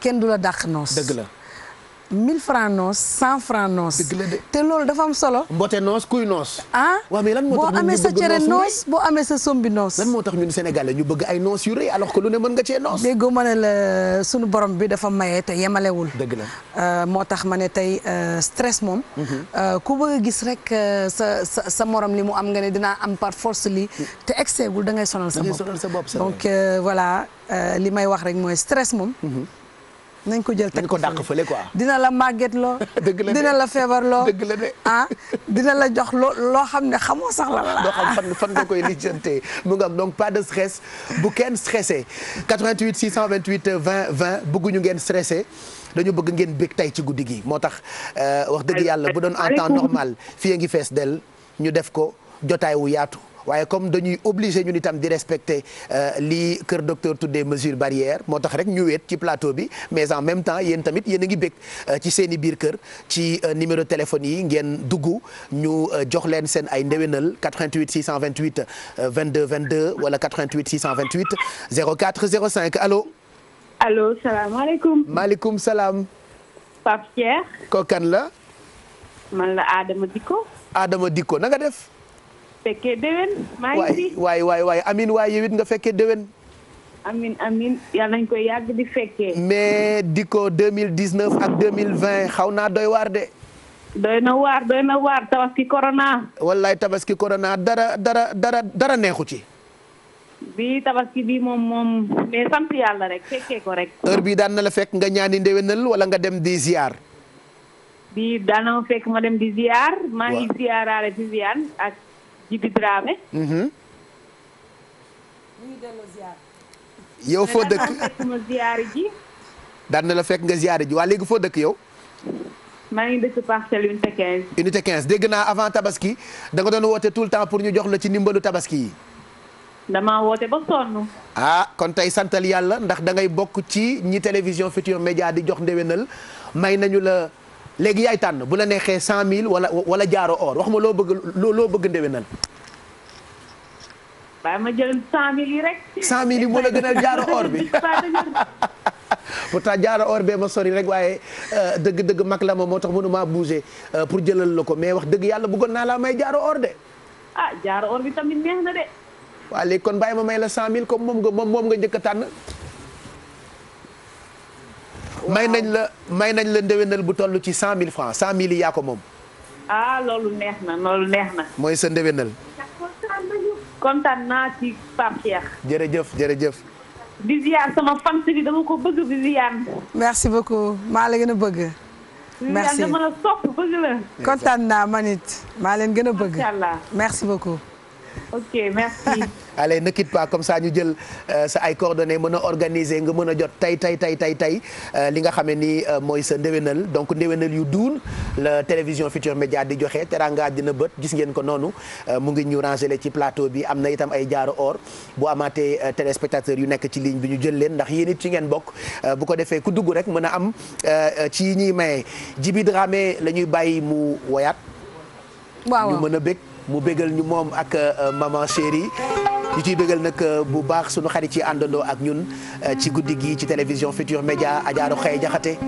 kenn du la dàq noos. dëgg la. mille francs noos cent francs noos. te loolu dafa am solo. mbote noos kuy noos. ah waaw mais lan moo boo amee sa cere noos boo amee sa sombi noos. lan moo tax ñun Sénégalais ñu bëgg ay noos yu rëy alors que lu ne mën nga cee noos. déggoo ma ne la sunu borom bi dafa maye te yemalewul. dëgg la euh, moo tax ma ne tey euh, stress moom. Mhm. Euh, ku bëgg a gis rek sa sa sa morom li mu am nga ne dinaa am par force lii. te excès gul da ngay sonal sa bopp da ngay sonal sa bopp donc voilà li may wax rek mooy stress moom. Mhm. nañ ko jël teg ko dàq fële quoi. dina la màgget loo. dëgg la dina la feebar loo. dëgg la de ah, dina la jox loo loo xam ne xamoo sax la la. doo xam fan fan nga koy lijjantee mu nga donc pas de stress bu kenn stressé 88 628 20 20 bëgguñu ngeen stressé. dañu bëgg ngeen bég tey ci guddi gi moo tax euh, wax dëgg yàlla bu doon en temps normal fii ngi fees dell ñu def ko jotaay wu yaatu waaye comme dañuy obligé ñun itam di respecter euh, li kër docteur tuddee mesures barrières moo tax rek ñu weet ci plateau bi mais en même temps yéen tamit yéen a ngi bég euh, ci seen i biir kër ci euh, numéro téléphone yi ngeen dugg ñu jox leen seen ay ndewenal 88 628 22 22 wala 88 628 04 05 allo. allo salaamaaleykum. maaleykum salaam. Pape Pierre. kookan la. man la Adama Dikko. Adama Dikko na nga def. fekkee déwén. maa ngi fi waay waay waay amin waay yow it nga fekkee déwén. amin amin yàlla nañ koy yàgg di fekkee. mais Dicko 2019 ak 2020 xaw naa doy waar de. doy na waar doy na waar tabaski corona. wallaay tabaski corona dara dara dara dara neexu ci. bi tabaski bii moom moom mais sant rek fekkee ko rek. heure bii daan na la fekk nga ñaani ndéwénal wala nga dem di ziar. bii daan fekk ma dem di ziar. maa ngi ziaraale Viviane Mhm. yow foo dëkk daan na la fekk nga ziyaare ji waa léegi foo dëkk yow. maa ngi dëkk parcelle unité dégg naa avant tabaski da nga doon woote tout le temps pour ñu jox la ci ndimbalu tabaski yi. damaa woote ba sonn. ah kon tey santal yàlla ndax da ngay bokk ci ñi télévision Futurs Médias di jox ndewenal may nañu la. léegi yaay tànn bu la neexee cent mille wala wala jaaro or wax ma loo bëgg loo bëgg ndewenal. waaw ma jël cent mille yi rek. cent mille yi moo la gënal jaaro or bi *laughs* *laughs* pourtant jaaro or bee ma sori rek waaye euh, dëgg dëgg mag la ma moo tax mënu maa bougé euh, pour jëlal la ko mais wax dëgg yàlla buggoon naa laa may jaaro or de. ah jaaro or bi tamit neex na de. waaw léegi kon bàyyi ma may la cent mille comme moom nga moom nga njëkk a tànn. may nañ la may nañ la ndéwénal bu toll ci cent mille francs cent mille yaa ko moom. ah loolu neex na loolu neex na. mooy sa ndéwénal. kontaan naa ci Pape jërëjëf jërëjëf. Viviane sama fan dama ko bëgg Viviane. merci beaucoup maa la gën a bëgg. merci dama la sopp bëgg la. kontaan naa man maa leen gën a bëgg. macha merci beaucoup. ok merci. *laughs* allez ne pas comme ça ñu jël euh, sa ay coordonnées mën a organiser nga mën a jot tey tey tey tey tey euh, li nga xam ne nii euh, mooy sa ndéwénal donc ndewenal yu duun la télévision Futur Média di joxe teranga dina bët gis ngeen ko noonu mu ngi ñu rangele ci plateau bi am na itam ay jaaro or bu amaatee téléspectateurs yu nekk ci ligne bi ñu jël leen ndax yéen it ci ngeen bokk bu ko defee ku dugg rek mën a am ci ñuy maye Djiby Dramé la ñuy bàyyi mu woyaat. mën a bëgg. mu bégal ñu moom ak euh, maman chérie ñu ciy bégal nag euh, bu baax suñu xarit yi àndandoo ak ñun euh, ci guddi gi ci télévision Futur Média Adja Rokhaya Diakhaté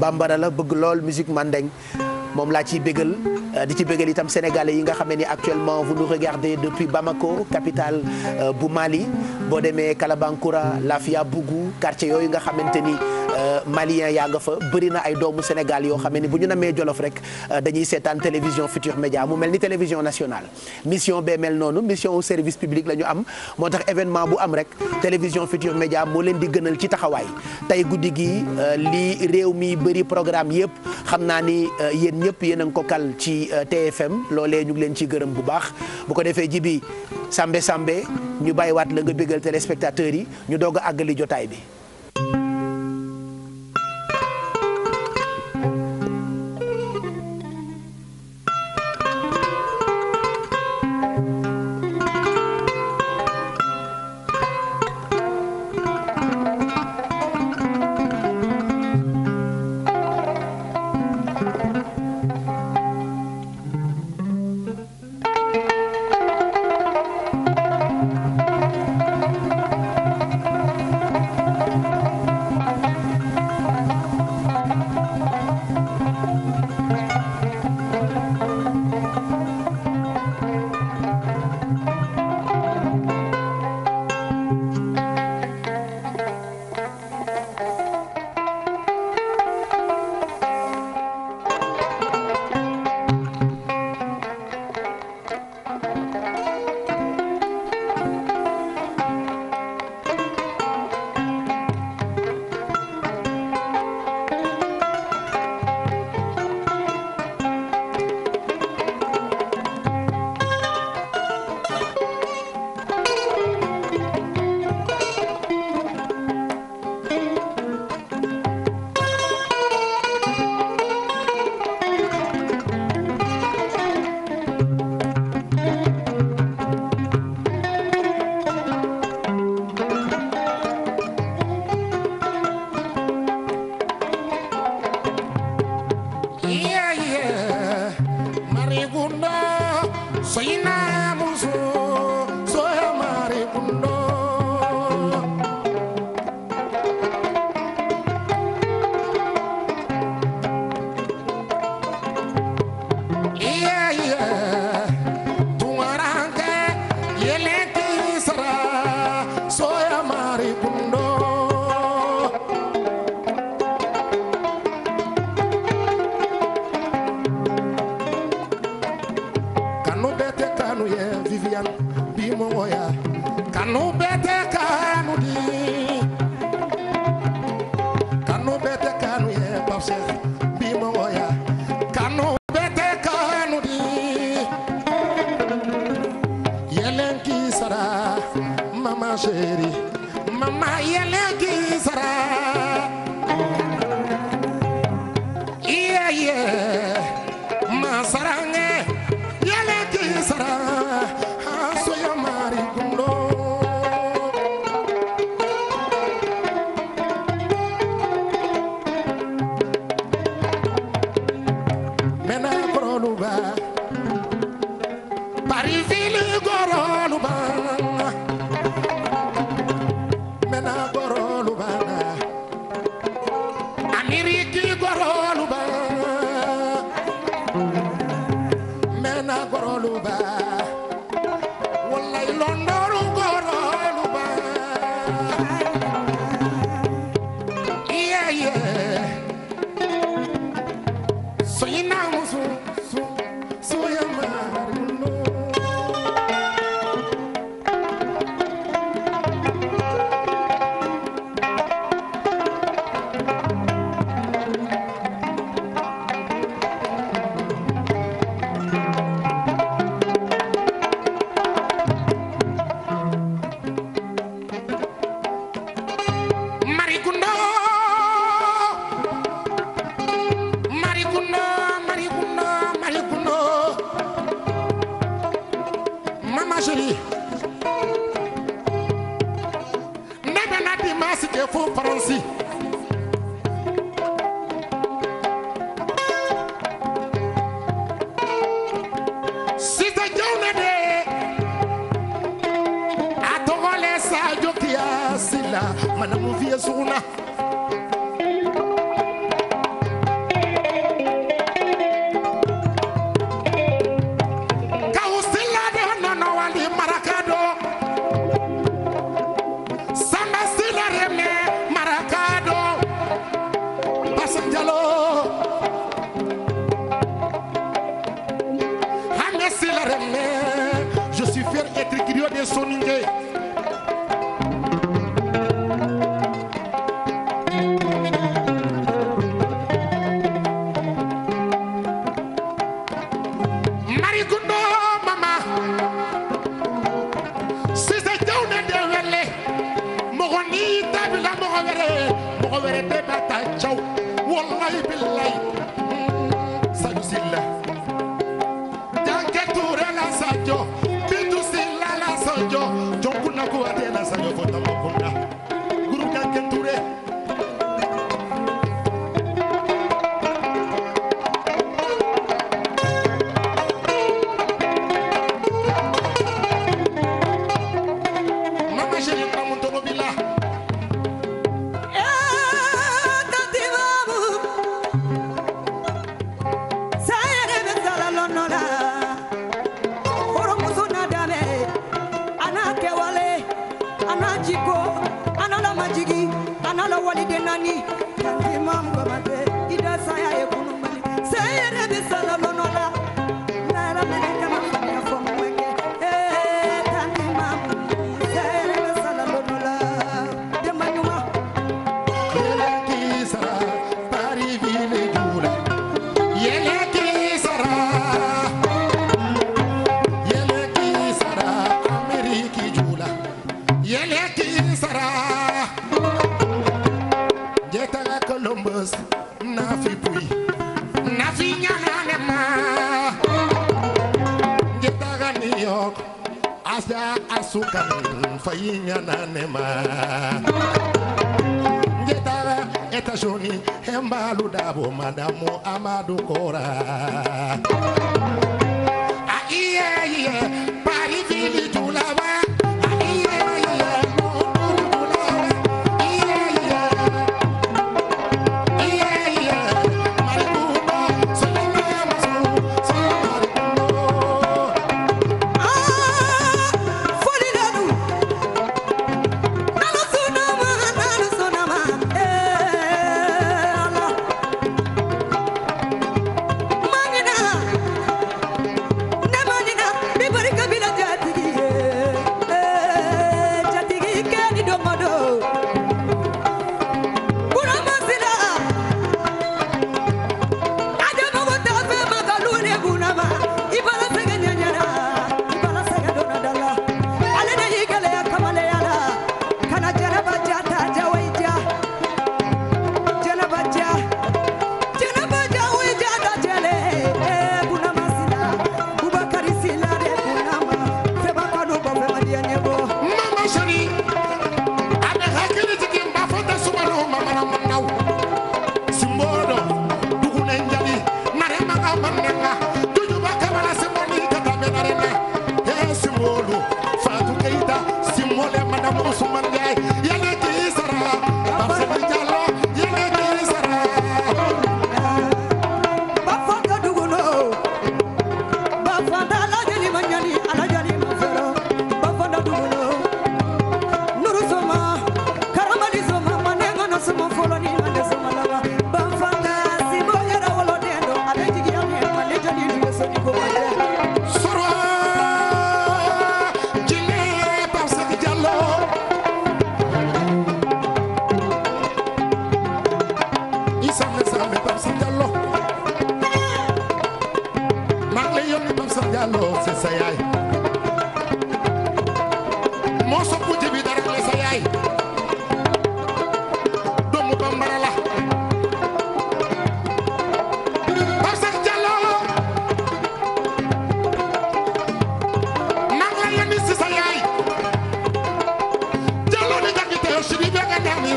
bambara la bëgg lool musique mandeng moom laa ciy bégal euh, di ci bégal itam sénégale yi nga xam ne ni actuellement vous nous regardez depuis Bamako capitale euh, bu Mali boo demee Kalabankura Lafiabougou quartier yooyu nga xamante ni euh, malien yaa nga fa bëri na ay doomu Sénégal yoo xam ne ni bu ñu namee Jolof rek dañuy seetaan télévision Futur Média mu mel ni télévision nationale mission bee mel noonu mission au service public la ñu am moo tax événement bu am rek télévision Futur Média moo leen di gënal ci taxawaay tey guddi gi li réew mi bëri programme yëpp xam naa ni yéen yëpp yéen a ngi ko kal ci euh, TFM loole ñu ngi leen ci gërëm bu baax bu ko defee ji bi sambe sambe ñu bàyyiwaat la nga bégal téléspectateurs yi ñu doog a àggali jotaay bi.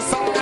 Sal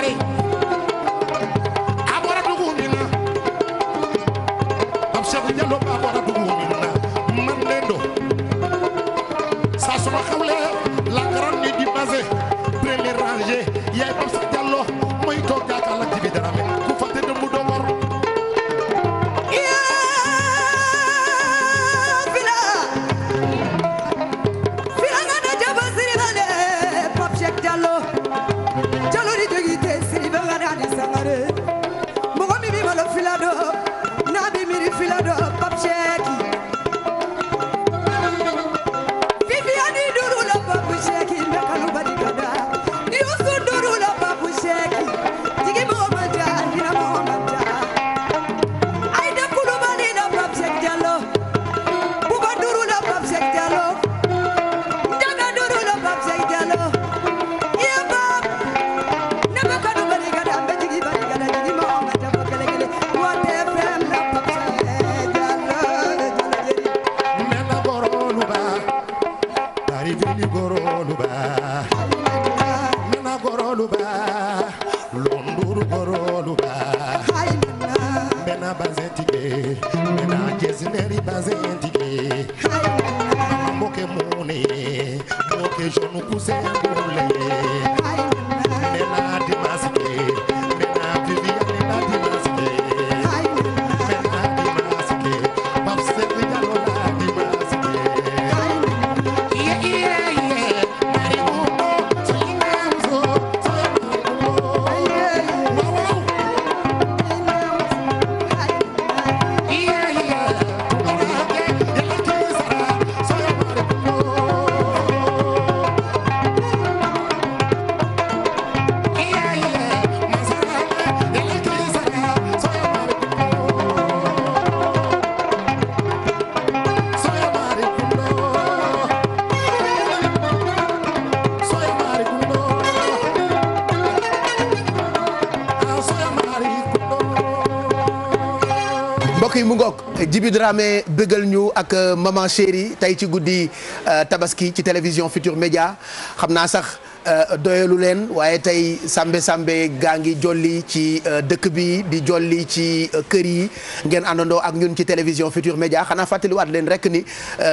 Djiby Dramé bëggal ñu ak euh, maman chérie tey ci guddi euh, tabaski ci télévision Futur Média xam naa sax euh, doyalu leen waaye tey sambe sambe gaa ngi jolli ci dëkk bi di jolli ci kër yi ngeen àndandoo ak ñun ci télévision Futur Média xanaa fàttaliwaat leen rek ni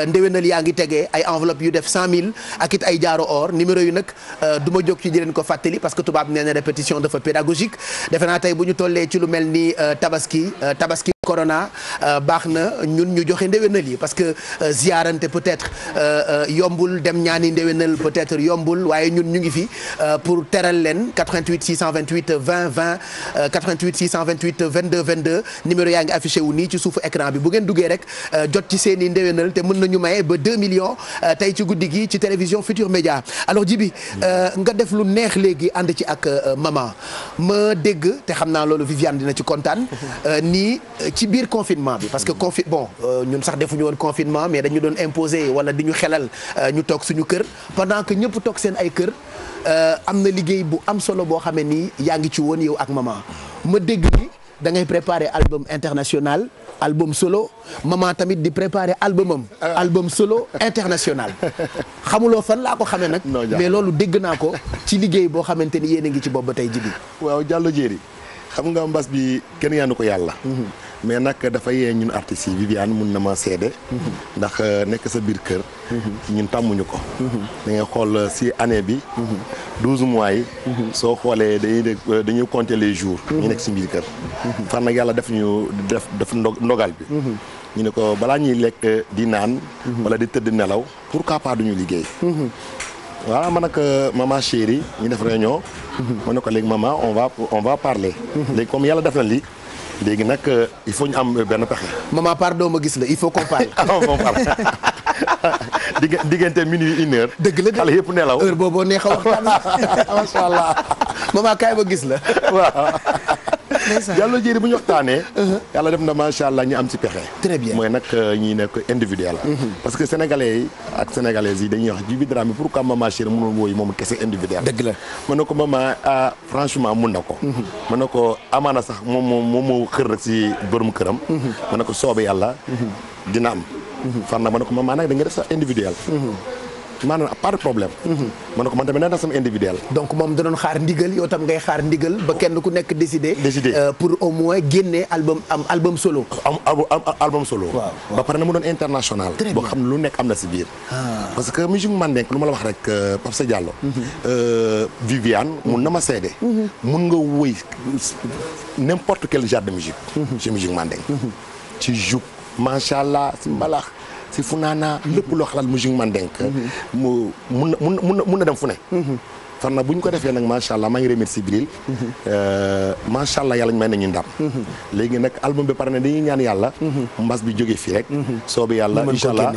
ndéwénal yaa ngi tegee ay enveloppe yu def 100000 ak it ay jaaro or numéro yu nag du ma jóg ci jëleen leen ko fàttali parce que tubaab nee na répétition dafa pédagogique defe naa tey bu ñu tollee ci lu mel ni tabaski tabaski corona Euh, baax na ñun ñu joxe ndéwénal yi parce que euh, ziarante peut-être euh, yombul dem ñaani ndéwénal peut-être yombul waaye ñun ñu ngi fi pour teral leen 88 628 20 20 88 628 22 22 numéro yaa ngi affiché wu nii ci suufu écran bi bu geen duggee rek jot ci seeni i ndéwénal te mën ñu may ba 2 millions tey ci guddi gi ci télévision Futur Média alors Djibi nga def lu neex léegi ànd ci ak maman ma dégg te xam naa loolu Viviane dina ci kontaan nii ci biir confinement confinement bi parce que confi bon euh, ñun sax defuñu woon confinement mais dañu doon imposer wala di ñu xelal euh, ñu toog suñu kër pendant que ñëpp toog seen ay kër euh, am na liggéey bu am solo boo xamee ni yaa ngi ci woon yow ak maman ma dégg ni da ngay préparer album international album solo maman tamit di préparer albumam ah. album solo international *laughs* xamuloo fan laa ko xamee nag mais loolu dégg naa ko ci liggéey boo xamante ni yéen a ngi ci bopp ba tey jibi waaw jàllo jéeri xam nga mbas bi kenn yaanu ko mais nag dafa yee ñun artistes yi Viviane mun na ma seede ndax euh, nekk sa biir kër ñun tàmmuñu ko mhm. da xool euh, si année bi douze mois yi mhm. soo xoolee dañuy euh, dañuy compter les jours mhm. ñu nekk si biir kër far nag yàlla def ñu def def ndogal bi ñu ne ko balaa ñuy lekk di naan wala di tëdd nelaw pourquoi pas duñu liggéey voilà ma nag maman chérie ñu def réunion ma ne ko léegi maman on va on va comme yàlla def na lii léegi nag euh, il faut ñu am euh, benn pexe. maman pardon ma gis la il faut qu'on parle. *laughs* ah moom *laughs* diggante minuit une dëgg la de xale yëpp nelaw heure booboo neex a waxtaan *laughs* macha allah maman kaay ma gis la waaw. yàlla jéeri bu ñu waxtaanee uh-huh. yàlla def na macha allah ñu am si pexe très bien mooy nag euh, ñi nekk individuel mm-hmm. parce que sénégalais yi ak sénégalaises yi dañuy wax Djiby Dramé pourquoi maman chérie mënoon wooyu moom kese individuel dëgg la ma na ko maa ah, franchement mun na ko mën mm-hmm. na ko amaana sax moom moom moom moo xër rek si borom këram mën mm-hmm. na ko soobe yàlla dina am far na mën na ko maman nag da nga def sax individuel maanaam pas de problème. Mhm. ma ne ko man tamit nee na sama individuel. donc moom da doon xaar ndigal yow tam ngay xaar ndigal ba kenn ku nekk décidé. décidé euh, pour au moins génne album am album solo. am album solo. waaw ba pare na mu doon international. boo xam ne lu nekk am na si biir. Ah. parce que musique mandeng lu ma la wax rek euh, Pape Sa Diallo. Mhm. Euh, Viviane mun na ma seede. Mhm. mun nga woy n'importe quel genre de musique. ci musique mandeng. ci jouk macha allah si mbalax. si fu naanaa lépp loo xalal mu jug man denk mu mun na mun na mun na dem fu ne fan na bu ñu ko defee nag macha allah maa ngi remercier Bilil. Euh, macha allah yàlla ñu may nañu ndam. léegi nag album bi pare na dañuy ñaan yàlla. mbas bi jógee fii rek. soobee yàlla incha allah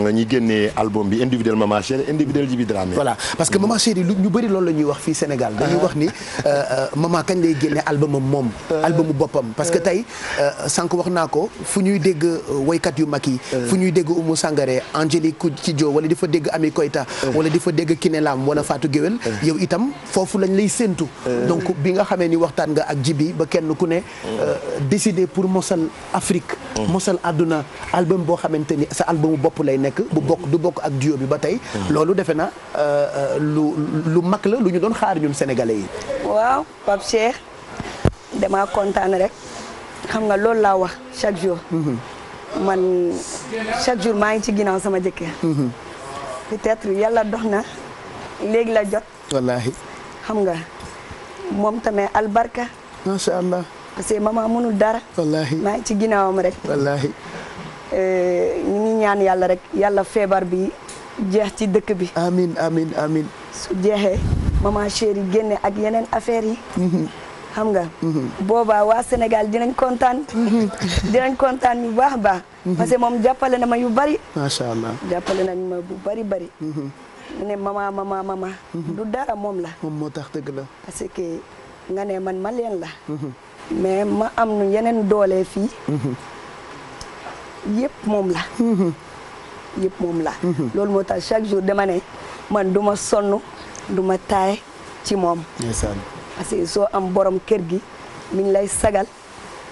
nga ñuy génnee album bi individuellement Mama Chérie individuel ji bi Dramé. voilà parce que Mama Chérie lu ñu bëri loolu la wax fii Sénégal dañuy ah. wax ni euh, euh, maman kañ lay génne albumam moom. Ah. albumu boppam parce que tey sànq wax naa ko fu ñuy dégg woykat yu mag yi. Ah. fu ñuy dégg Oumou Sangaré Angélique Kidjo wala di fa dégg Ami Koita. wala di fa dégg Kiné Lam wala Fatou Guewel. yow itam foofu lañ lay séentu donc bi nga xamee ni waxtaan nga ak jibi ba kenn ku ne euh, décidé pour mosal Afrique mosal àdduna album boo xamante ni sa albumu bopp lay nekk bu bokk du bokk ak duo bi ba tey loolu defe na euh, lu lu mag la lu ñu doon xaar ñun sénégalais yi waaw Pape Cheikh damaa rek xam nga loolu la wax chaque jour mhm. man chaque jour maa ngi ci ginnaaw sama jëkkër mhm. peut yàlla dox na léegi la jot wallaahi. xam nga moom tamit albarka. macha allah. parce que maman mënul dara. wallaahi maa ngi ci ginnaawam rek. wallaahi. Euh, ñaan yàlla rek yàlla feebar bi jeex ci dëkk bi. amin amin amin su jeexee maman chérie génne ak yeneen affaires yi. Mm-hmm. xam nga. Mm-hmm. boobaa waa Sénégal dinañ kontaan. Mm-hmm. *laughs* dinañ kontaan yu baax a baax. parce que moom jàppale na ma yu bari. macha allah jàppale nañ ma bu bari bari. ne mama mama mama mhm. du dara moom la moo tax dëgg la parce que nga ne man malien la mhm. mais ma am nu yeneen doole fii mhm. yëpp moom la yëpp moom la loolu moo tax chaque jour dama ne man duma ma sonn du ma taay ci moom parce que soo am borom kër gi mi ngi lay sagal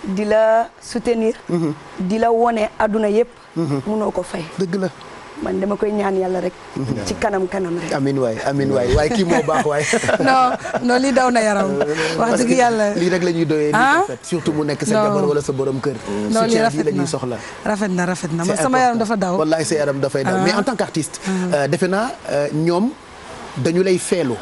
di la soutenir di la wone adduna yëpp noo ko fay dëgg la man dama koy ñaan yàlla rek. *laughs* ci kanam kanam rek. amin waay amin waay waaye kii moo baax waay. *laughs* non non lii daw na yaram. *laughs* wax dëgg yàlla lii rek la ñuy doyee. Ah? surtout mu nekk sa jabar wala sa borom kër. non lii rafet na la ñuy soxla. rafet na rafet na man sama yaram dafa daw. wallaay sa yaram dafay daw mais en tant qu'artiste. Ah. Euh, defe na euh, ñoom dañu lay feelu.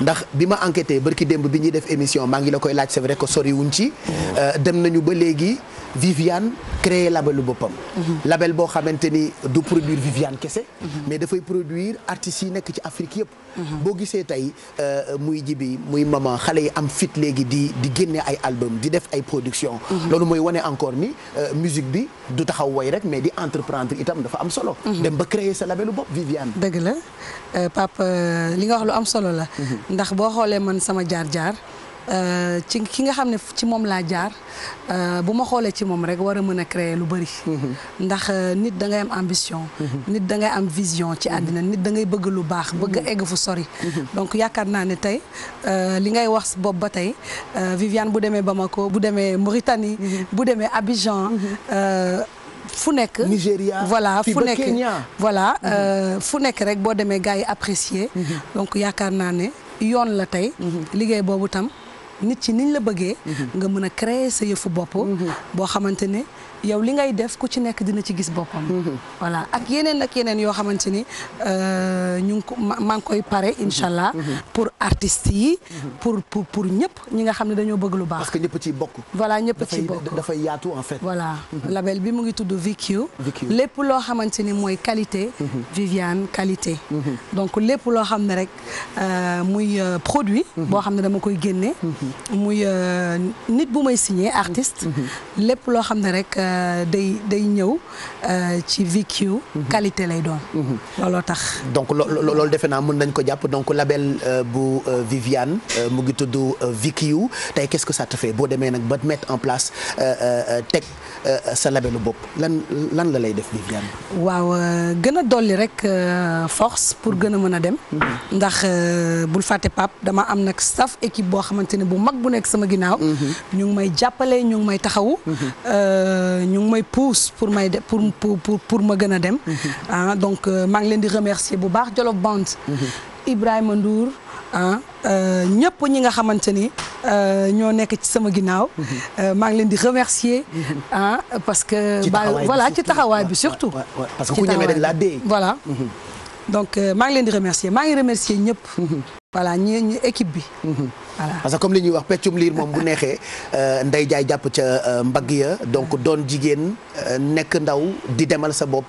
ndax bi ma enquêté barki démb bi ñuy def émission maa ngi la koy laaj c'est ko que sori wuñ ci. Mm. Euh, dem nañu ba léegi. Viviane créé labelu boppam. Mhm. label boo xamante ni du produire Viviane kese. Mhm. mais dafay produire artistes yi nekk ci Afrique yëpp. Mhm. boo gisee tey euh, muy jibi muy maman xale yi am fit léegi di di génne ay album di def ay production loolu mooy wone encore ni euh, musique bi du taxaw woy rek mais di entreprendre itam dafa am solo. dem ba créer sa labelu bopp Viviane. dëgg la euh, Pape li nga wax lu am solo la. ndax boo xoolee man sama jaar jaar. Euh, ci ki nga xam ne ci moom laa jaar euh, bu ma xoolee ci moom rek war a mën a créer lu bëri. Mm-hmm. ndax euh, nit da ngay am ambition. Mm-hmm. nit da ngay am vision ci addina nit da ngay bëgg lu baax bëgg mm-hmm. egg fu sori. donc yaakaar naa ne tey li ngay wax bopp ba tey Viviane bu demee Bamako bu demee Mauritanie. bu demee Abidjan. fu nekk Nigéria voilà fu nekk voilà fu nekk rek boo demee gars yi apprécier donc yaakaar naa ne yoon la tey liggéey boobu tam nit ci niñ la bëggee. Mhm. nga mën a créer sa yëfu bopp. Mhm. boo xamante ne yow li ngay def ku ci nekk dina ci gis boppam. Mm-hmm. voilà ak yeneen ak yeneen yoo xamante ni euh, ñu ngi ko maa ngi koy pare incha allah. Mm-hmm. Mm-hmm. pour artistes yi. pour pour pour ñëpp ñi nga xam ne dañoo bëgg lu baax. parce que ñëpp ci bokk. voilà ñëpp ci bokk dafay yaatu en fait. voilà label bi mu ngi tudd VQ. lépp loo xamante ni mooy qualité. Viviane qualité. donc lépp loo xam ne rek euh, muy euh, produit. boo xam ne dama koy génne. muy nit bu may artist artiste. lépp loo xam ne rek. Euh, day day ñëw euh, ci VQ. Mhm. qualité lay doon. Mhm. looloo tax. donc loolu defe naa mun nañ ko jàpp donc label euh, bu Viviane mu ngi tudd VQ tey qu'est-ce que ça te fait boo demee nag ba mettre en place teg. Euh, sa labelu bopp lan lan la lay def Viviane waaw euh, gën a dolli rek euh, force pour gën a mën a dem mhm. ndax bul fàtte Pape dama am nag staff équipe boo xamante ne bu mag bu nekk sama ginnaaw mhm. ñu ngi may jàppale ñu ngi may taxawu mhm. ñu ngi may pousse pour may de pour pour pour ma gën a dem ah, donc maa ngi leen di remercier bu baax Jolof Band Ibrahima Ndour ah euh, ñëpp ñi nga xamante ni euh, ñoo nekk ci sama ginnaaw mhm. euh, maa ngi leen di remercier mhm. ah parce que ba voilà ci taxawaay bi surtout parce que ku ñemee dañ laa dee voilà mhm. donc maa ngi leen di remercier maa ngi remercier ñëpp voilà ñi ñu équipe bi. Mhm. voilà parce que comme li ñuy wax peccum liir moom bu neexee euh, nday jaay jàpp ca euh, mbagg ya donc doon jigéen euh, nekk ndaw di demal sa bopp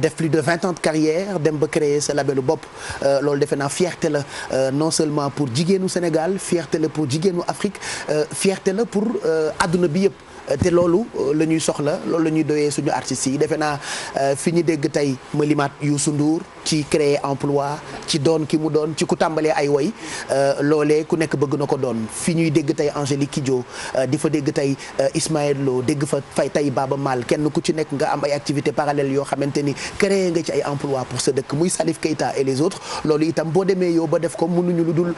def plus de vingt ans de carrière dem ba créer sa labelu bopp loolu defe na fierté la non seulement pour jigéenu Sénégal fierté la pour jigéenu Afrique fierté la pour àdduna bi yëpp. te loolu la ñuy soxla loolu la ñuy doyee suñu artistes yi defe naa fi ñu dégg tey ma limaat Youssou Ndour ci créer emploi ci doon ki mu doon ci ku tàmbalee ay woy euh, loole ku nekk bëgg na ko doon fi ñuy dégg tey Angélique Kidjo euh, di fa dégg tey euh, Ismaël Lo dégg fa fay tey baaba Maal kenn ku ci nekk nga am ay activité parallèles yoo xamante ni créer nga ci ay emploi pour sa dëkk muy Salif Keita et les autres loolu itam boo demee yow ba def ko ñu lu dul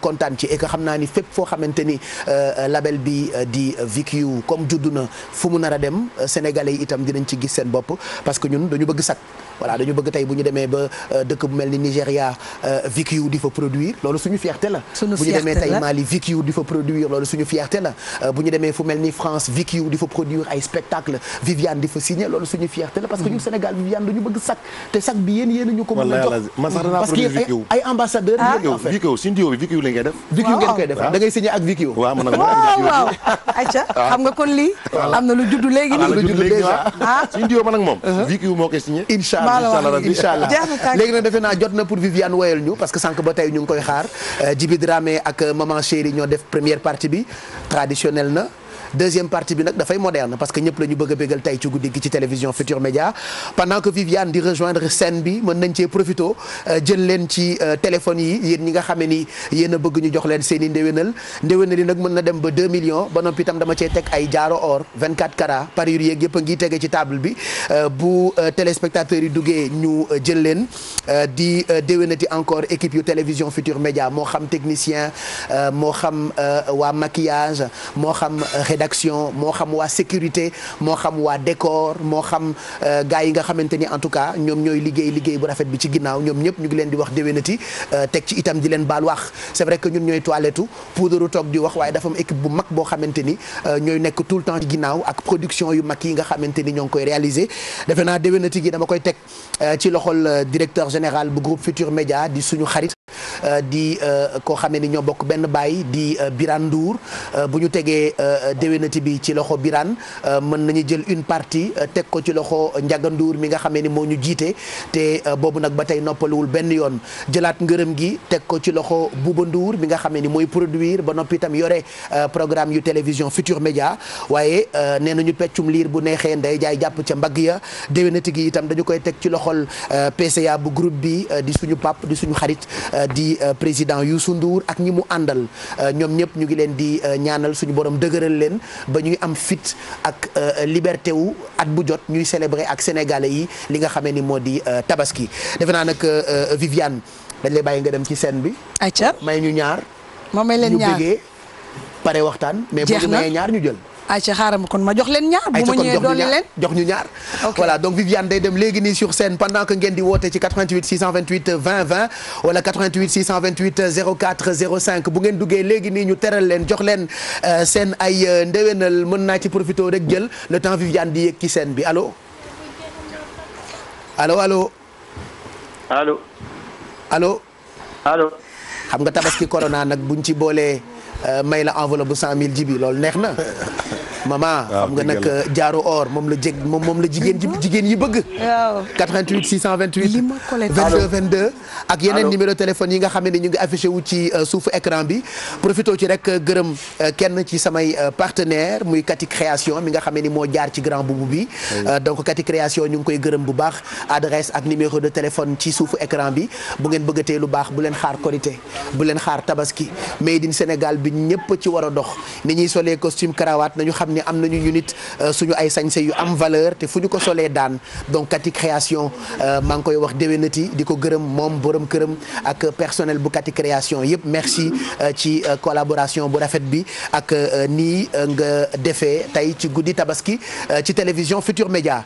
kontaan ci et xam naa ni fépp foo xamante ni label bi di VQ comme juddu na fu mu nar a dem sénégalais itam dinañ ci gis seen bopp parce que ñun dañu bëgg sax voilà dañu bëgg tey bu ñu demee ba euh, dëkk bu mel ni Nigéria euh, VQ di fa produire loolu suñu fierté la bu ñu demee tey Mali euh, ñu demee fu mel ni France VQ di fa produire ay spectacle Viviane di fa signer loolu suñu fierté la parce que ñun Sénégal Viviane dañu bëgg sac te sac bi yéen yéen ñu ko mën a jox parce que ay ambassadeur ah. yéen en fait VQ bi VQ la ngay def VQ ngeen koy def da ngay ak VQ waaw man nag waaw acca ah. xam nga kon lii am na lu juddu léegi nii lu juddu incha allah léegi nag defe naa jot na pour Viviane woyal ñu parce que sànq ba tey ñu ngi koy xaar euh, Djiby Dramé ak maman chérie ñoo def première partie bi traditionnel na deuxième partie bi nag dafay moderne parce que ñëpp la ñu bëgg a bégal tey ci guddi gi ci télévision Futur Média pendant que Viviane di rejoindre scène bi mën nañ cee profito euh, jël leen ci euh, téléphone yi yéen ñi nga xam ni yéen a bëgg ñu jox leen seen i ndéwénal ndéwénal yi nag mën na dem ba 2 millions ba noppi itam dama cee teg ay jaaro or 24 carats parure yeeg yëpp a ngi tege ci table bi euh, bu téléspectateurs yi duggee ñu jël leen di déwénati encore équipe yu télévision Futur Média moo xam technicien moo xam waa maquillage moo xam rédaction moo xam waa sécurité moo xam waa décor moo xam euh, gaa yi nga xamante ni en tout cas ñoom ñooy liggéey liggéey bu rafet bi ci ginnaaw ñoom ñëpp ñu ngi leen di wax déwénati euh, teg ci itam di leen baal wax c'est vrai que ñun ñooy toilette poudre toog di wax waaye dafa am équipe bu mag boo xamante ni euh, ñooy nekk tout le temps ci ginnaaw ak production yu mag yi nga xamante ni ñoo ngi koy réaliser defe naa déwénati gi dama koy teg ci loxol directeur général bu groupe Futur Média di suñu xarit Euh, di euh, koo xamee ni ñoo bokk benn baay di euh, Birane Ndour bu ñu tegee déwénati bi ci loxo Birane mën nañu jël une partie teg ko ci loxo njaga nduur mi nga xamee ni moo ñu jiite te boobu nag ba tey noppaluwul benn yoon jëlaat ngërëm gi teg ko ci loxo Bouba Ndour mi nga xamee ni mooy produire ba noppi itam yore programme yu télévision Futur Média waaye nee nañu peccum liir bu neexee nday jaay jàpp ca mbagg ya déwénati gi itam dañu koy teg ci loxol PCA bu groupe bi di suñu pap di suñu xarit Euh, di euh, président yu Ndour ak ñi mu àndal euh, ñoom ñëpp ñu ngi leen di ñaanal suñu borom dëgëral leen ba ñuy am fit ak liberté wu at bu jot ñuy célébrer ak sénégalais yi li nga xamee ni moo di tabaski defe naa nag Viviane dañ lay bàyyi nga dem ci seen bi. acca may ñu ñaar. leen ñaar ñu bëggee pare waxtaan. mais bu ñu mayee ñaar ñu jël. ayca xaaral ma kon ma jox leen ñaar. bu ma ñëwee leen jox ñu ñaar voilà donc Viviane day dem léegi nii sur scène pendant que ngeen di woote ci 88 628 20 20 wala 88 628 04 05 bu ngeen duggee léegi nii ñu teral leen jox leen euh, seen ay euh, ndewenal mën naa ci profité rek jël le temps Viviane di yëg ci scène bi allo alo allo. allo. allo. allo. xam nga tabaski corona nag buñ ci boolee. Euh, may la enveloppe bu cent mille ji bi loolu neex na *laughs* mama ah, xam nga nag euh, jaaro or moom la jeg moom moom la jigéen ji jigéen yi bëgg. waaw 88 628. 22 22. ak yeneen numéro téléphone yi nga xam ne ñu ngi affiché wu ci euh, suufu écran bi. profité ci rek gërëm kenn ci samay partenaire muy Kati création mi nga xam ni moo jaar ci grand boubou bi. donc Kati création ñu ngi koy gërëm bu baax adresse ak numéro de téléphone ci suufu écran bi bu ngeen bëggatee lu baax bu leen xaar korité bu leen xaar tabaski ñëpp ci war a dox ni ñuy solee costume cravate nañu xam ne am nañu ñu nit euh, suñu ay sañse yu am valeur te fu ñu ko solee daan donc Kati création euh, maa ngi koy wax déwénati di ko gërëm moom borom këram ak personnel bu Kati création yëpp merci euh, ci collaboration bu rafet bi ak nii nga defee tey ci guddi tabaski ci télévision Futur Média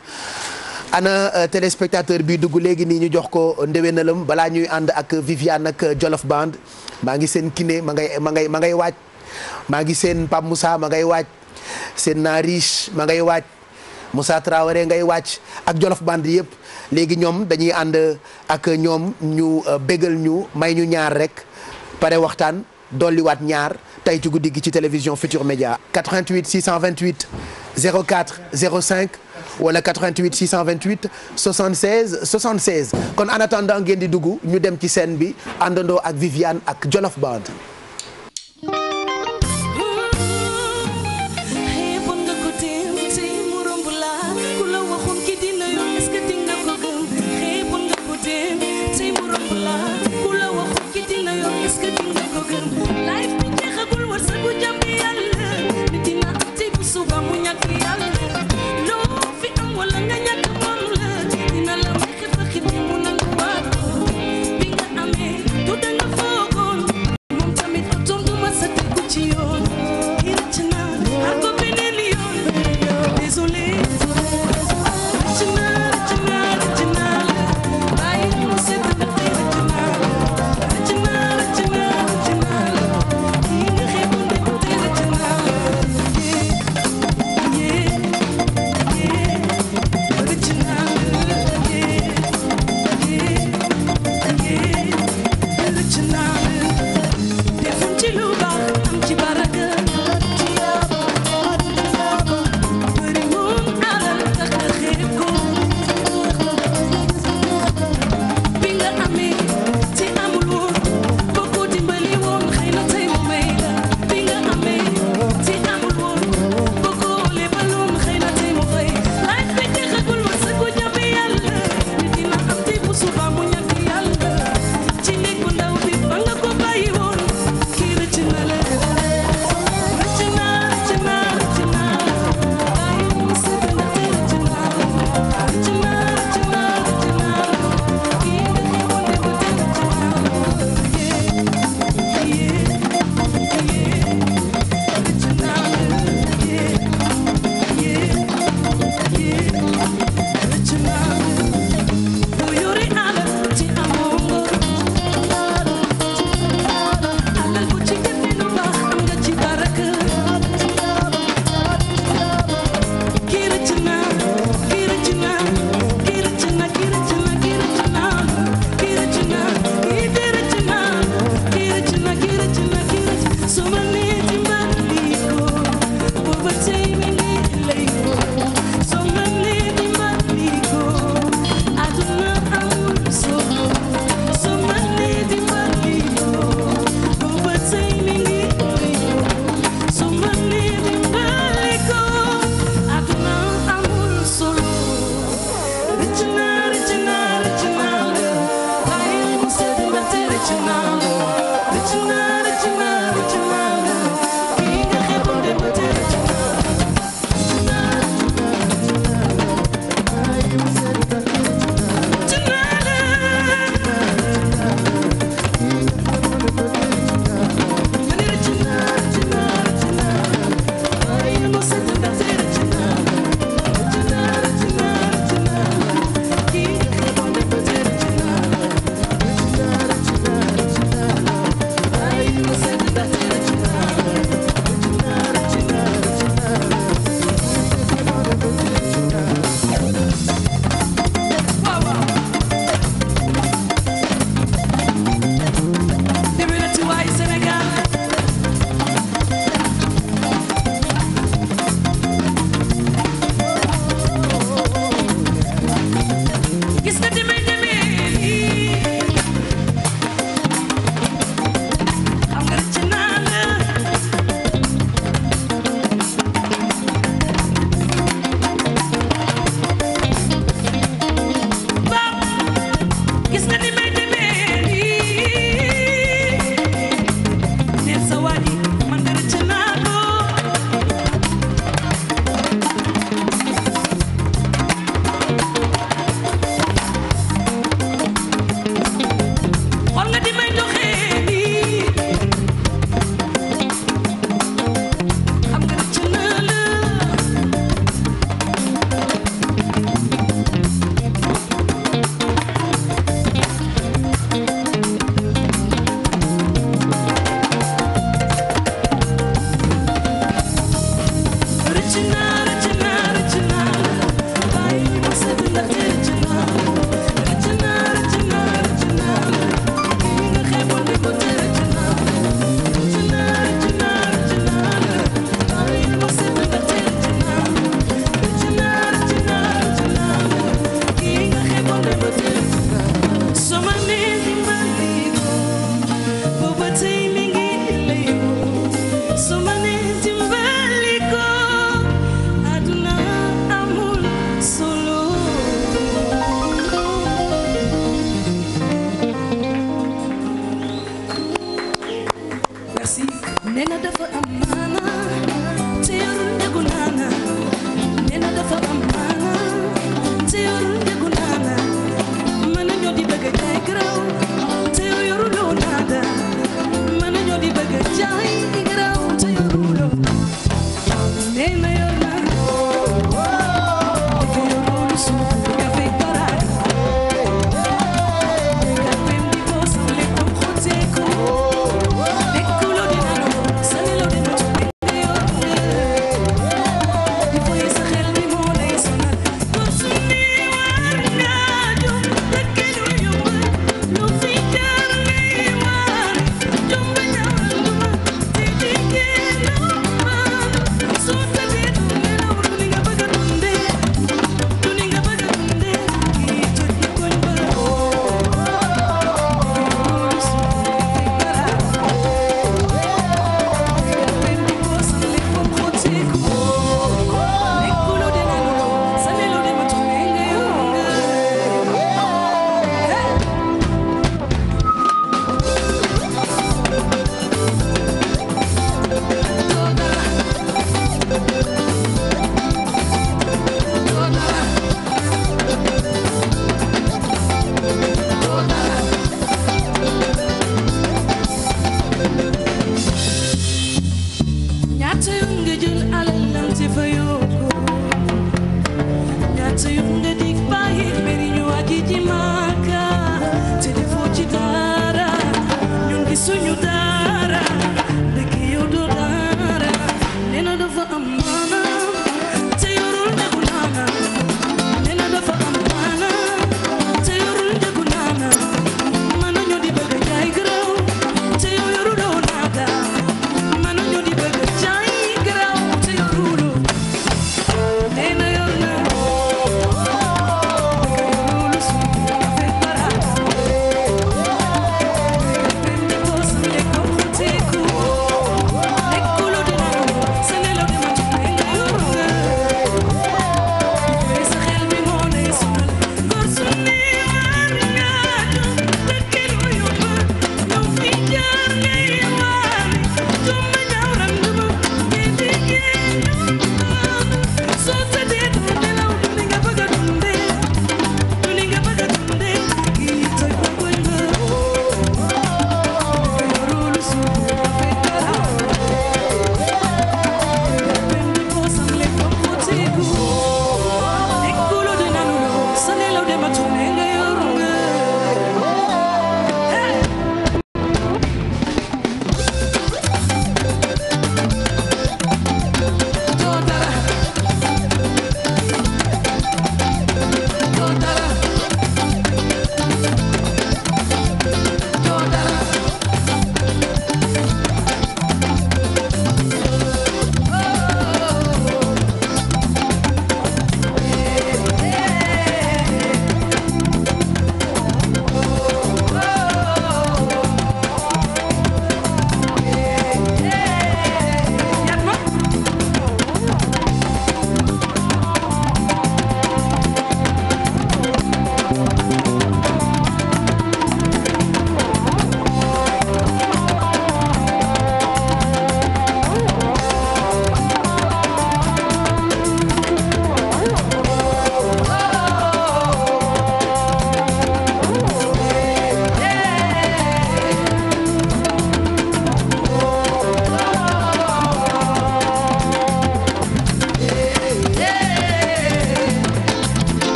ana euh, téléspectateur bi dugg léegi nii ñu jox ko ndewénalam balaa ñuy ànd ak Viviane ak euh, Jolof Band maa ngi seen Kiné ma ngay ma ngay ma ngay waaj maa ngi seen pam mussa ma ngay waaj seen Nariche ma ngay waaj Moussa Traoré ngay waaj ak Jolof Band yëpp léegi ñoom dañuy ànd ak ñoom ñu euh, bégal ñu may ñu ñaar rek pare waxtaan dolliwaat ñaar tey ci guddi gi ci télévision Futur Média 88 628 04 05 wala 88 628 76 76 kon en attendant ngeen di dugg ñu dem ci scène bi àndandoo ak Viviane ak Jolof Band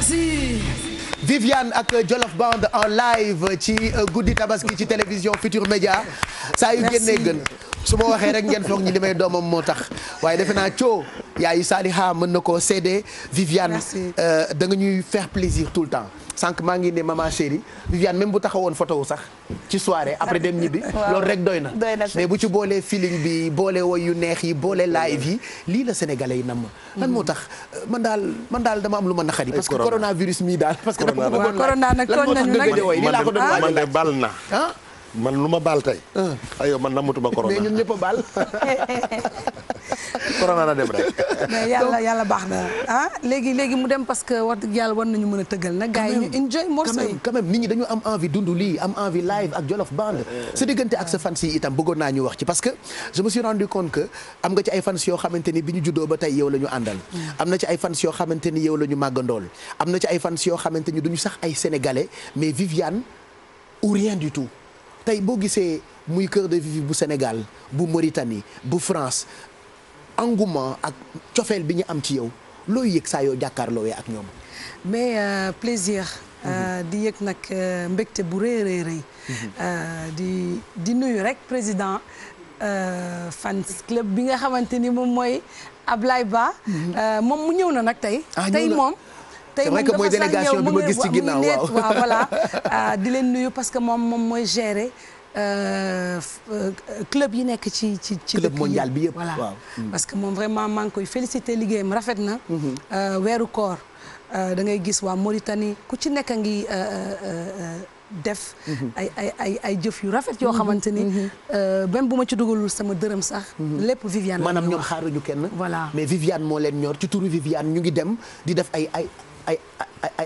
merci. Viviane ak Jolof Band en live ci euh, guddi tabaski ci télévision Futur Média saa yu génnee gën su ma waxee rek ngeen foog ñi li doomam moo tax waaye defe naa coo. yaayu Saliha mën na ko seede Viviane euh, da ñuy faire plaisir tout le temps sànq maa ngi ne maman chérie Viviane même bu taxawoon photo wu sax ci soirée après dem ñibbi *laughs* loolu rek doy na mais bu ci boolee feeling bi boole woy yu neex yi boole live yi lii la sénégalais yi nam lan moo tax man daal man dama am lu ma naxari parce que coronavirus mii daal parce que dama ko bëggoon corona nag tooñ moo tax nga gëj lii laa ko doon waaj ah. man bal na man lu ma baal tey. Ah. aywa man namutuma *laughs* corona mais ñun ñëpp a baal. *laughs* corona na dem rek. *laughs* yàlla yàlla baax na ah léegi léegi mu dem parce que wax dëgg yàlla war nañu mën a tëggal nag. gars yi ñu enjoy morceau nit ñi dañu am envie dund lii am envie live ak Jolof Band. Eh, eh. sa diggante ak sa fans yi itam bëggoon naa ñu wax ci parce que je me suis rendu compte que am nga ci ay fans yoo xamante ni bi ñu juddoo ba tey yow la ñu àndal. Hmm. am na ci ay fans yoo xamante ni yow la ñu màggandool am na ci ay fans yoo xamante ni duñu sax ay sénégalais mais Viviane ou rien du tout. tey boo gisee muy cœur de ville bu Sénégal bu Mauritanie bu France engouement ak cofeel bi ñu am ci yow looy yëg saa yoo jàkkaarloowee ak ñoom. mais euh, plaisir. Euh, mhm. di yëg nag euh, mbégte bu rëy rëy rëy. Mhm. Euh, di di nuyu rek président euh, fans club bi nga xamante ni moom mooy Ablaye Ba. Mhm. moom mu ñëw na nag tey. Ah, tey moom. tey moom dafa sax ñëw mu ngi mu ngi nekk waaw voilà *laughs* ah, di leen nuyu parce que moom moom mooy gérer. Euh, euh, club yi nekk ci ci ci club mondial bi yëpp voilà mm. parce que moom vraiment maa ngi koy félicité liggéeyam rafet na mm-hmm. euh, weeru koor da ngay gis waa Mauritanie ku ci nekk a ngi def mm-hmm. ay ay ay ay jëf yu rafet yoo mm-hmm. xamante ni même bu ma ci dugalul sama dërëm sax lépp Viviane maanaam ñoom xaaruñu kenn voilà mais Viviane moo leen ñor ci turu Viviane ñu ngi dem di def ay ay ay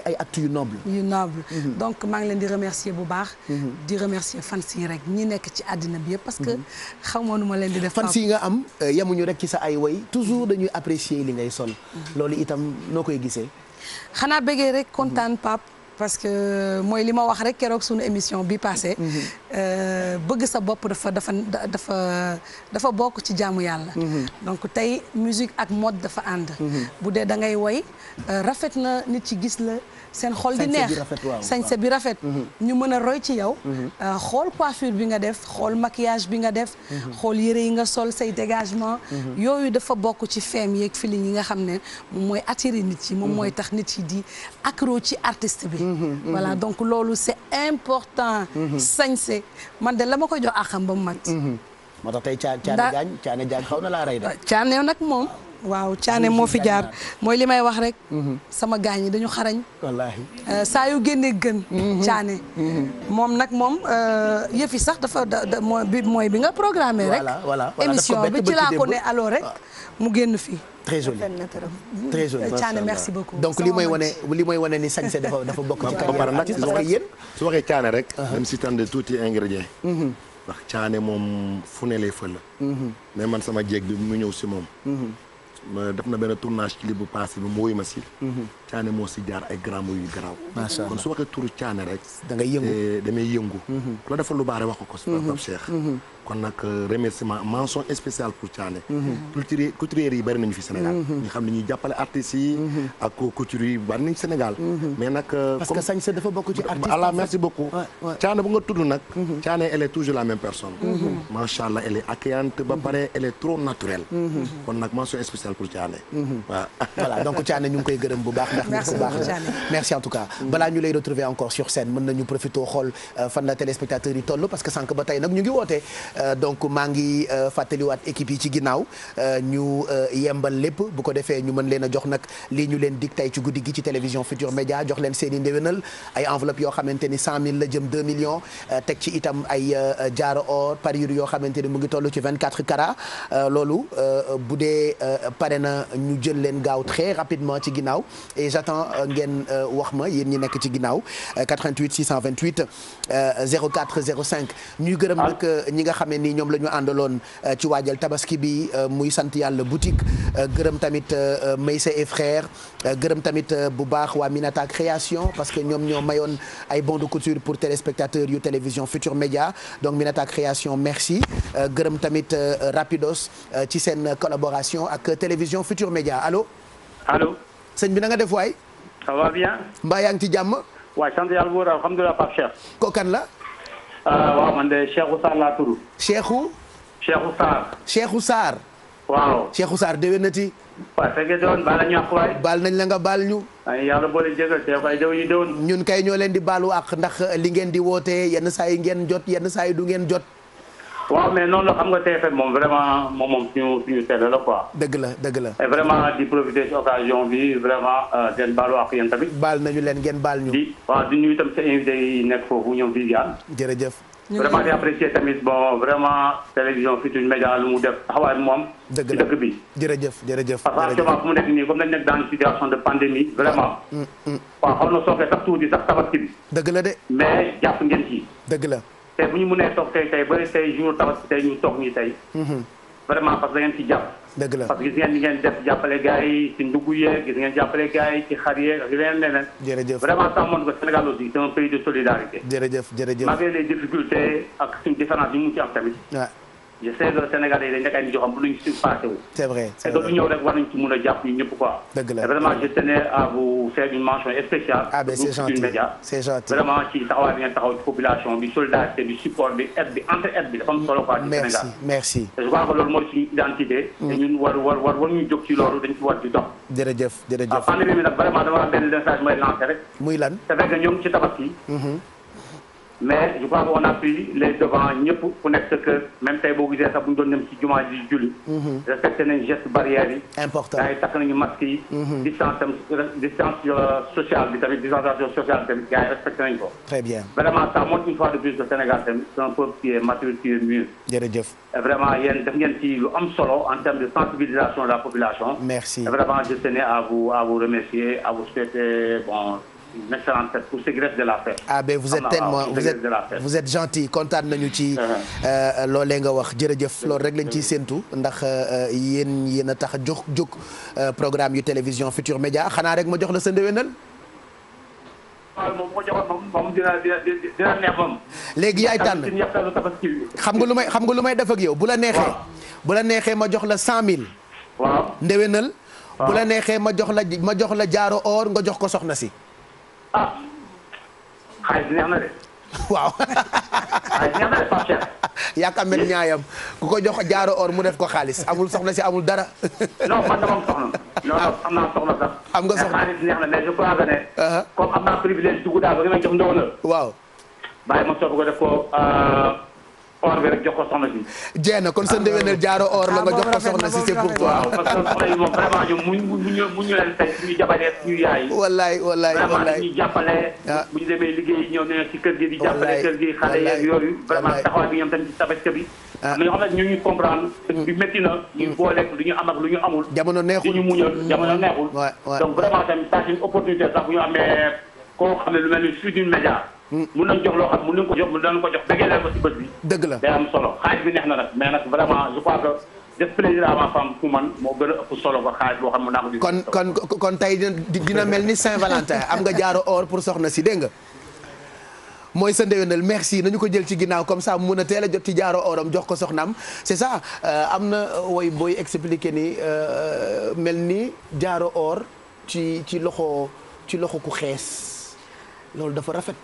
ay yu noble yu noble mhm. donc maa ngi leen di remercier bu baax mhm. di remercier fans yi rek ñi nekk ci àddina bi yëpp parce que mhm. xamoo nu ma leen di def fans yi nga am eh, yemuñu rek ci sa ay woy toujours dañuy apprécier li ngay sol loolu itam noo koy gisee xanaa bëggee rek kontaan Pape parce que mooy li ma wax rek keroog suñu émission bi passé mhm. euh, bëgg sa bopp dafa dafa dafa dafa bokk ci jàmm yàlla mhm. donc tey musique ak mode dafa ànd mhm. bu dee da ngay woy euh, rafet na nit ci gis la seen xool di neex sañse bi rafet mm-hmm. ñu mën a roy ci yow mm-hmm. euh, xool coiffure bi nga def xool maquillage bi nga def mm-hmm. xool yëre yi nga sol say dégagement yooyu dafa bokk ci feem yeeg feeling yi nga xam ne moom mooy attirer nit yi moom mooy tax nit yi di accro ci artist bi voilà donc loolu c'est important sañse man de la ma ko jox axam ba mu mat moo tax tey Thiané Diagne xaw na laa rey de Thiané nag moom waaw caane moo fi jaar mooy li may wax rek. Mhm. sama gaañ yi dañu xarañ. wallaahi euh, saa yu génnee gën. caane mhm. mhm. moom nag moom euh, yëf yi sax dafa da mooy bi nga programmé rek. voilà émission bi ci laa ko ne alors rek ah. mu génn fii. très joli très joli euh, Thiané merci beaucoup. donc li mooy wane li mooy wane ni sañse dafa dafa bokk ci carrière artiste parce que yéen su waxee Thiané rek. Uh-huh. même si tànn tuuti ingrédients. Uh-huh. ndax Thiané moom fu ne lay fël. Uh-huh. mais man sama jéeg bi mu ñëw si moom. def na benn tournage clip bu passé bi mu woyu ma mhm. caane moo si jaar ay grammes yu garaaw. kon su waxee turu caane rek. da yëngu eh, damay mhm. la defal lu baax wax ko si Pape mhm. Cheikh. Mhm. kon nag euh, remerciement mention spéciale pour Thiané. culture yi bari nañu fi Sénégal. ñu xam ne ñuy jàppale artistes yi. ak couturiers yi bari nañu Sénégal. mais nag euh, parce que sañse dafa bokk ci artiste. voilà merci beaucoup. Thiané bu toujours la même personne. macha allah elle est accueillante ba pare donc Thiané ñu koy gërëm bu baax. baax merci baax merci en tout cas balaa ñu lay retrouver encore sur scène mën nañu profité xool euh, fan la téléspectateurs yi toll parce que sànq ba tey nag ñu ngi woote euh, donc maa ngi euh, fàttaliwaat équipe yi ci ginnaaw ñu yembal lépp bu ko defee ñu mën leen a jox nag lii ñu leen dig tey ci guddi gi ci télévision Futur Média jox leen seen i ndéwénal ay enveloppe yoo xamante ni 100000 la jëm 2 teg ci itam ay jaaro or parure yoo xamante ni mu ngi toll ci 24 carats loolu bu dee pare na ñu jël leen gaaw rapidement ci ginnaaw et j'attends euh, ngeen euh, wax ma yéen ñi nekk ci ginnaaw 88 628 04 05. ñuy gërëm ah. nag euh, ñi nga xamee ni ñoom la ñu àndaloon ci waajal tabaski bi muy sant yàlla boutique gërëm tamit Meissa et frères gërëm tamit bu baax waa Minata création parce que ñoom ñoo mayoon ay bons de couture pour téléspectateurs yu télévision Futur Média donc Minata création merci gërëm tamit Rapidos ci seen collaboration ak télévision Futur Média alo sëñ bi na nga def waay. ça va bien. ci jàmm. waaw sant yàlla bu wér alhamdulilah Pape Cheikh. ko la. Euh, waaw man de Cheikhou Sarr laa tudd. Cheikhou. Cheikhou Sarr. Cheikhou Sarr. waaw. Cheikhou Sarr déwénati. waaw fekkee doon baal baal nañ la nga baal ñu. ay yàlla boole jégal ñun kay ñoo leen di baalu àq ndax li ngeen di wootee yenn saa yi ngeen jot yenn saa yi du ngeen jot. waaw mais noonu la xam nga TFM moom vraiment moom moom suñu suñu télé la quoi. dëgg la dëgg la. vraiment di profiter si occasion bi vraiment seen euh, baalu ak yéen tamit. baal nañu leen ngeen baal ñu. di waaw di nuyu tam sa invité yi nekk foofu tamit bon vraiment télévision Futurs Médias lu mu la ci dëkk bi. jërëjëf jërëjëf. parce que actuellement fu mu nekk nii comme dañ nekk dans situation de pandémie vraiment. Mm, mm, mm. waaw na sookee sax tuuti sax tabaski bi. la de. mais jàpp ngeen ci. dëgg la. te bu ñu mënee toog tey tey ba tey jour tabaski tey ñu toog nii tey. Mhm. vraiment parce que da ngeen ci jàpp. dëgg la parce que gis ngeen ni ngeen def jàppale gars yi ci ndugg yeeg gis ngeen jàppale gars yi ci xar yeeg ak leneen leneen. un pays de solidarité. jërëjëf les difficultés ak suñu différence yi mu ci am tamit. je sais que Sénégalais yi dañ nekk ay nit yoo xam ne duñ surpassé wu. c' est vrai c' est vrai et que lu ñëw rek war nañ ci mun a jàpp ñun ñëpp quoi. dëgg la vraiment je tenais à vous faire une mention spéciale. ah ben gentil c' vraiment ci taxawaay bi ngeen taxaw ci population solidarité bi support bi aide bi entre aide bi dafa am merci je crois que loolu mooy suñu identité. Mm. te ñun war war war war ñu jóg ci loolu dañ ci war di dox. jërëjëf jërëjëf. ah pandémie bi mais je pense on a ñëpp ku nekk sa kër même tey boo gisee sax bu ñu doon dem ci jumaa ji julli. Mhm. respecté nañ geste barrière yi. important gars yi takk nañu masque yi. Mhm. distance distance euh, sociale bi tamit distanciation sociale bi tamit nañ ko. très bien vraiment ça montre une fois de plus que Sénégal tamit c'est un peuple qui est mature qui est mûr. jërëjëf. vraiment yéen def ngeen ci lu am solo en termes de sensibilisation de la population. merci vraiment je tenais à vous remercier à vous souhaiter bon. une excellente fête ah, kontaan nañu ci. Uh-huh. Euh, loolee nga wax jërëjëf loolu rek lañ ciy uh-huh. séentu ndax euh, euh, yéen yéen a tax a jóg jóg yu télévision Futur Média xanaa rek ma jox la sa ndéwénal. léegi yaay tànn xam nga lu may xam nga lu may def ak yow bu la neexee. bu la neexee ma jox la cent mille. waaw ndéwénal. la neexee ma jox la ma jox la jaaro or nga jox ko soxna si. ah xaalis neex waaw. xaalis neex na ñaayam ko jox jaaro or mu def ko xaalis amul soxna si amul dara. non man dama am soxna. non non am naa soxna sax. nga soxna xaalis neex na uh-huh. waaw. or bi rek jox ko soxna si. jeena kon sa ndéwénal jaaro or la nga jox ko soxna si c'est pour toi. Ah, parce que soxna yi moom vraiment ñoom muñ muñ muñu leen tey suñu jabalee suñu yaay. wallaay wallaay wallaay vraiment dañuy jàppale. ah bu ñu demee liggéeyi ñoom nee ci kër di jàppale kër gi xale yeeg yooyu. vraiment taxawaay bi ñoom tamit ci tabaski bi. ah mais yoo xam ne ñu ngi comprendre. Hmm. bi métti na ñu hmm. booleeg lu ñu am lu ñu amul. jamono neexul donc vraiment tamit c'est une opportunité sax bu ñu amee koo xam ne lu mel ni Sud Média mun nañ jox loo xam mun nañ ko jox mun nañ ko jox dëgg la day am solo xaaj bi neex na nag mais nag vraiment man moo gën a ëpp solo xaaj boo xam ne naa ko. kon kon kon tey dina mel ni Saint-Valentin am nga jaaro or pour soxna si dégg nga. mooy sa ndewenal merci nañu ko jël ci ginnaaw comme ça mun a teel a jot ci jaaro oram jox ko soxnaam c'est ça euh, am na euh, woy booy expliqué nii euh, mel ni jaaro or ci loxo ci loxo ku xees loolu dafa rafet.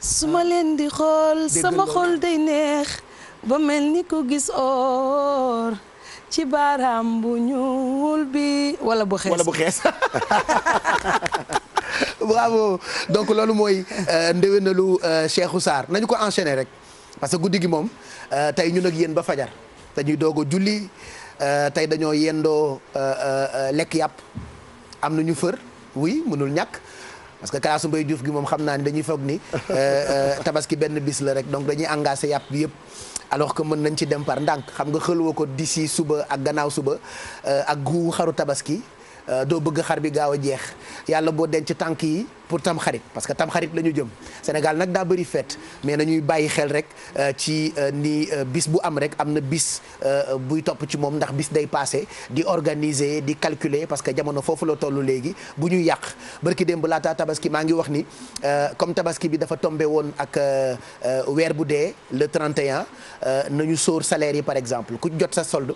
su ma leen di xool sama xol day neex ba mel ni ko gis or ci baaraam bu ñuul bi wala bu xees bu xees *laughs* bravo donc loolu mooy euh, ndéwénalu euh, Cheikhou saar nañu ko enchaîner rek parce que guddi gi moom euh, tey ñu ak yéen ba fajar dañuy doog a julli tey dañoo yendoo lekk yàpp am nañu fër oui mënul ñàkk parce que kalaasu mbay Diouf gi moom xam naa ni dañuy foog ni euh, euh, tabaski benn bis la rek donc dañuy engagé yàpp bi yëpp alors que mën nañ ci dem par ndànk xam nga xëlwa ko disi suba ak gannaaw suba euh, ak guu xaru tabaski doo bëgg xar bi gaaw a jeex yàlla boo denc tànk yi pour tamxarit parce que tamxarit xarit la ñu jëm Sénégal nag daa bari fête mais nañuy bàyyi xel rek euh, ci euh, ni euh, bis bu am rek am na bis buy topp ci moom ndax bis day passé di organiser di calculer parce que jamono foofu la tollu léegi bu ñu yàq barki démb laata tabaski maa ngi wax ni comme tabaski bi dafa tombé woon ak weer bu dee le 31 nañu sóor salaire yi par exemple ku jot sa solde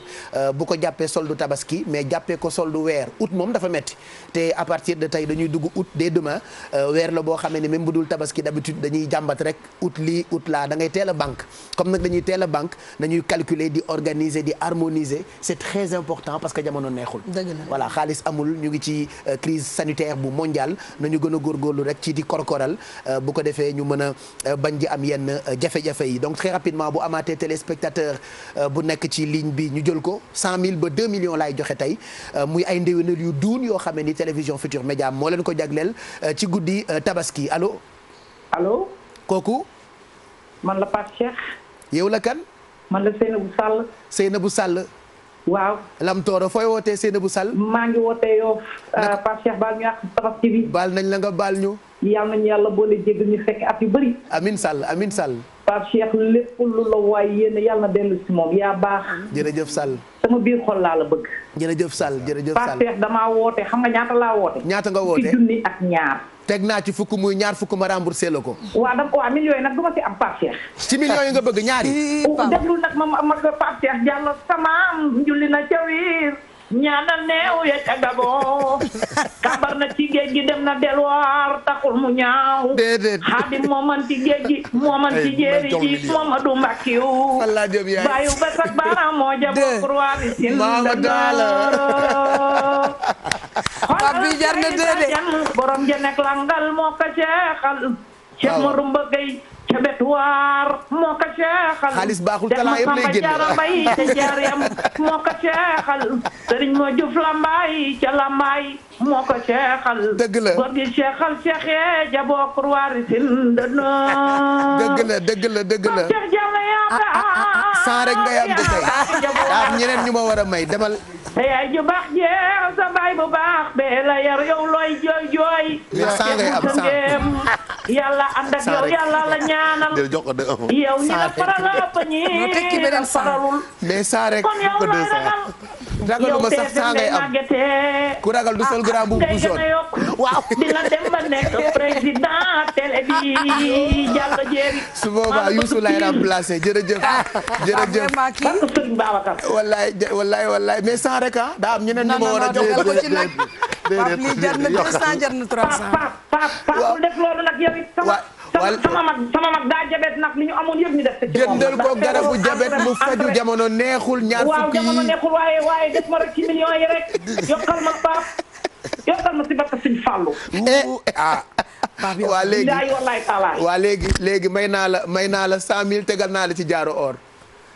bu ko jàppee solde tabaski mais jàppee ko solde weer août moom dafa metti te à partir de tey dañuy dugg août dès demain Euh, weer la boo xamee ne même bu dul tabaski d'habitude dañuy jàmbat rek ut lii ut laa da ngay teel a banque comme nag dañuy teel banque nañuy calculer di organiser di harmoniser c'est très important parce que jamono neexul voilà xaalis amul ñu ngi ci euh, crise sanitaire bu mondiale nañu gën a góorlu rek ci di korkoral euh, bu ko defee ñu mën a bañ ji am yenn jafe-jafe yi donc très rapidement bu amaatee téléspectateur bu nekk ci ligne bi ñu jël ko 100000 ba 2 millions laay joxe tey muy ay ndéwénal yu duun yoo xamee ni télévision Futur Média moo leen ko jagleel guddi euh, tabaski allo. allo. kooku. man la Pape Cheikh. yow la kan. man la Seynabou na bu Sall. waaw. Lam Tooro fooy wootee bu Sall. maa ngi wootee yow. Euh, Pape baa baal ñu àq tabaski bi. baal nañ la nga baal ñu. yàlla nañ yàlla boole jégg ñu fekk at yu bari amin Sall amin Sall. Pape Cheikh lu la waaye yéen yàlla na si moom yaa baax. jërëjëf Sall. sama biir xol laa la bëgg. jërëjëf Sall jërëjëf Sall. Pape Cheikh xam nga ñaata laa woote. ñaata nga woote teg naa ci fukk muy ñaar fukk ma remboursé la ko. waaw da waaw millions yi nag du ma si am Pape Cheikh. ci millions yi nga bëgg ñaari. *laughs* déglu nag ma ma Pape Cheikh Diallo sama julli na ca ñaanal neew ya ca gaboo ci géej gi dem na delwaar taxul mu ñaaw xaadim mooman ci géej gi mooman ci jéeri ji moomadu mbàkkiw bàyyu ba sax baaraam moo jaboo pour waa *laughs* bi sin xoolal jar na déedéet borom ja nekk langal moo ko seexal Cheikh Mourou Mbagay ca bet waar moo ko seexal xaalis baaxul talaa yëpp lay génn jaara mbay ca jaariyam moo ko seexal sëriñ moo juf lambaay ca lambaay moo ko seexal dëgg la góor gi seexal seex yee jaboo kur waari sin dënn dëgg la dëgg la dëgg la seex jalla yaa ah, ah, ah, sans rek ngay am de ñeneen ñu ma war a may demal te yaay ju baax jeex sa baay bu baax bee la yar yow looy jooy jooy sans ngay am sans yàlla ànd ak la ñaan ñaanal. jël jox ko deux cent yow ñi la faralaa ba ñi la faralul. mais saa rek ko deux cent ragaluma sax saa ngay am ku ragal du sol grand boubou bu ah, jaune waaw *laughs* di nga dem ba nekk président télé bi *laughs* jàll jéeri. su boobaa Youssou lay remplacé jërëjëf. Ah, jërëjëf ah, barke Serigne Babacar. wallaay wallaay wallaay mais saa rek ah daa am ñeneen ma war a jëlee déedéet déedéet jar na 200 jar na 300. Pape Pape sama mag sama mag daa jabet nag li ñu amoon yëpp ñu def ci jëndal ko garabu jabet mu faju jamono neexul ñaar fukki waaw jamono neexul waaye waaye def ma rek ci millions yi ma paap yokkal ma si bakka eh, ah. *laughs* waa léegi léegi may naa la may naa la cent mille tegal naa la ci jaaro or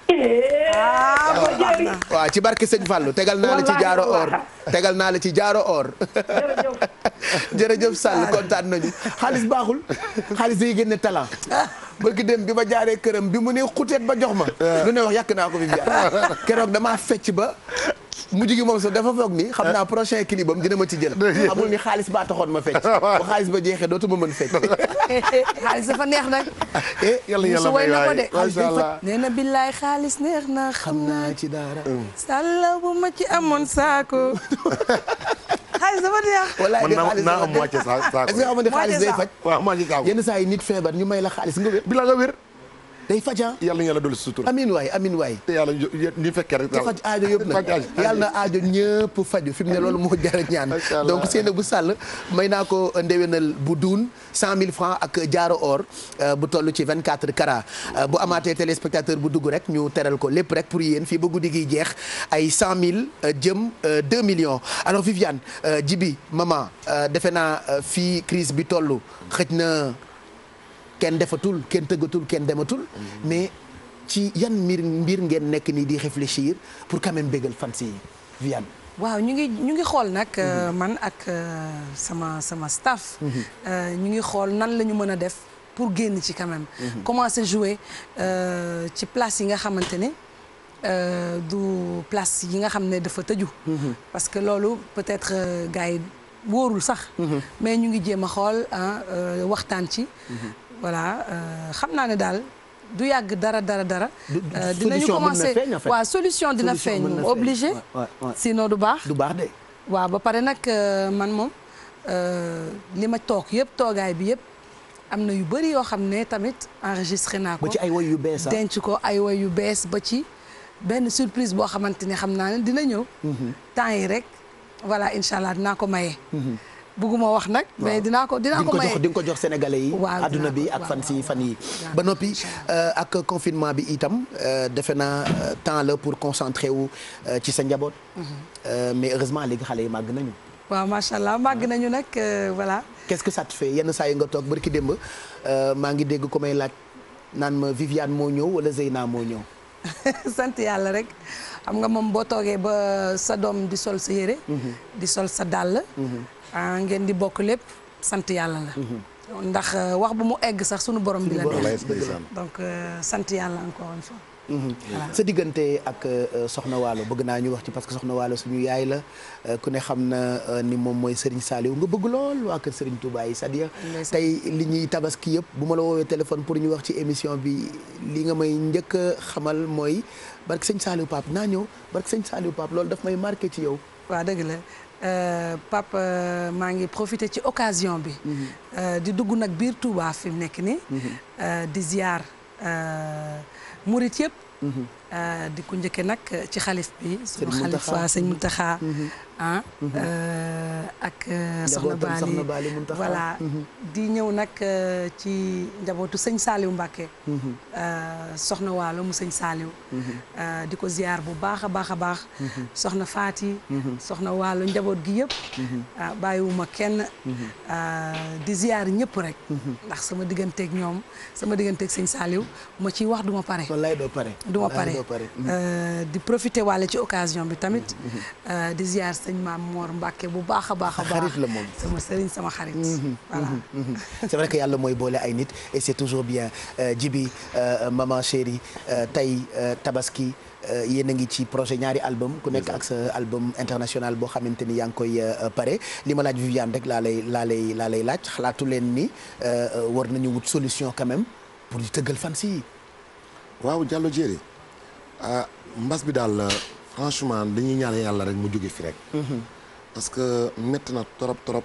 waaw ah, ah, ci barke sëñ Fallou tegal naa la ci jaaro or tegal naa la ci jaaro or jërëjëf Sall ah. kontaan nañu xaalis baaxul xaalis day génne talent bëgg dem bi ma jaaree këram bi mu ne xuteet ba jox ma lu ne wax yàq naa ko fi biir *laughs* keroog damaa fecc ba mujj gi moom sax dafa foog ni xam ah. naa prochain clip am dina ma ci jël xamul ni xaalis baa taxoon ma fecc *laughs* bu xaalis ba jeexee dootuma mën fecc *laughs* xaalis dafa neex nag *laughs* eh, yàlla yàlla may waay macha allah nee na billaay xaalis neex na xam naa ci dara sàlla bu ma ci amoon saako xaalis dafa neex walaay naa am moitié saako est-ce que xam nga ne xaalis day faj yenn saa yi nit feebar ñu may la xaalis nga wér bilaa nga wér day faj ah. yàlla na yàlla dolli sutura. amiin waay amiin waay. te yàlla ñu fekkee rek. daal faj aajo yëpp nag yàlla na aajo ñëpp faju fi mu ne loolu moo jar a ñaan. *laughs* donc seen bu sàll may naa ko ndewenal bu duun cent mille francs ak jaaro or euh, bu toll ci vingt quatre carats euh, bu amaatee téléspectateur bu dugg rek ñu teral ko lépp rek pour yéen fii ba guddi gi jeex ay cent mille euh, jëm deux millions alors Viviane Djibi maman defe naa fii crise bi toll xëj na. kenn defatul kenn tëggatul kenn dematul. mais ci yan mbir mbir ngeen nekk nii di réfléchir pour quand même bégal fans yi Viviane. waaw ñu ngi ñu ngi xool nag euh, mhm. man ak euh, sama sama staff. Mhm. Euh, ñu ngi xool nan la ñu mën a def pour génn ci quand même. Mhm. commencer jouer ci place yi nga xamante ne. Euh, du place yi nga xam ne dafa tëju. parce que loolu peut-être gars yi wóorul sax. mais ñu ngi jéem xool ah, waxtaan ci. voilà euh, xam naa ne daal du yàgg dara dara dara. Euh, dinañu commencé waaw solution dina feeñ moom obligé. sinon du baax du baax de. waaw ba pare nag euh, man moom li ma toog yëpp toogaay bi yëpp. am na yu bëri yoo xam ne tamit enregistré naa ko. ci ay woy yu bees ah. denc ko ay woy yu bees ba ci benn surprise boo xamante ne xam naa ne dina ñëw. Mhm. temps yi rek voilà incha allah dinaa ko maye. Mhm. bugguma wax nag. mais dinaa ko dinaa ko di nga ko jox sénégalais yi. waaw adduna bi ak fan si fan yi. ba noppi euh, ak confinement bi itam euh, defe na euh, temps la pour concentrer wu ci sa njaboot. Mhm. mais heureusement léegi xale yi màgg nañu. waaw macha allah màgg nañu nag voilà. qu'est-ce que ça te fait yenn saa yi nga toog ki démb maa ngi dégg ku may laaj naan ma Viviane moo ñëw wala Zeyna moo ñëw. *laughs* sant yàlla rek xam nga moom boo toogee ba sa doom di sol sa yére. Mhm. di sol sa dàll. Mhm. ah ngeen di bokk lépp sant yàlla la. Mhm. ndax euh, wax bu mu egg sax sunu borom bi la neex donc euh, sant yàlla encore une mhm. sa diggante ak euh, Soxna Waalo bëgg naa ñu wax ci parce que Soxna Waalo suñu yaay la ku ne xam na ni moom mooy Serigne Saliou nga bëgg lool waa kër Serigne Touba yi cest à tey li ñuy tabaski yëpp bu ma la woowee téléphone pour ñu wax ci émission bi li nga may njëkk xamal mooy barke Sëñ Saliou Pape naa ñëw barke Sëñ Saliou Pape loolu daf may ci yow. Euh, Pape euh, maa ngi profité ci occasion bi. Mhm. Euh, di dugg nag biir Touba fi mu nekk nii. Mhm. di ziar murit yëpp. Mhm. di ku njëkke nag ci xalif bi. sunu Muntaxa ah. Mhm. Euh, ak euh, soxna Baali voilà mhm. di ñëw nag euh, ci njabootu sëñ Saliou Mbacké. Mhm. soxna waalo mu sëñ Saliou. di ko ziar bu baax a baax a baax. soxna Faati. soxna waalo njaboot gi yëpp. Ah, bàyyiwuma kenn. Ah, di ziar ñëpp rek. ndax sama digganteeg ñoom sama digganteeg sëñ Saliou ma ciy wax duma pare. wallaay doo pare. duma pare di profiter waale ci occasion bi tamit di ziar. sëñ maam Mor bu baax baax a baax la moom sama sëriñ sama xarit mhm. voilà mhm. Mhm. c'est yàlla mooy boole ay nit et c'est toujours bien euh, Djibi euh, maman chérie euh, tey tabaski yéen a ngi ci projet ñaari album ku nekk ak sa album international boo xamante ni yaa ngi koy pare li ma laaj Viviane rek laa lay laa lay laa lay laaj xalaatu leen ni war nañu wut solution quand pour ñu tëggal fan si waaw Diallo Diéré ah mbas bi daal franchement dañuy ñaan yàlla rek mu jóge fi rek. Mhm. parce que métti na trop trop.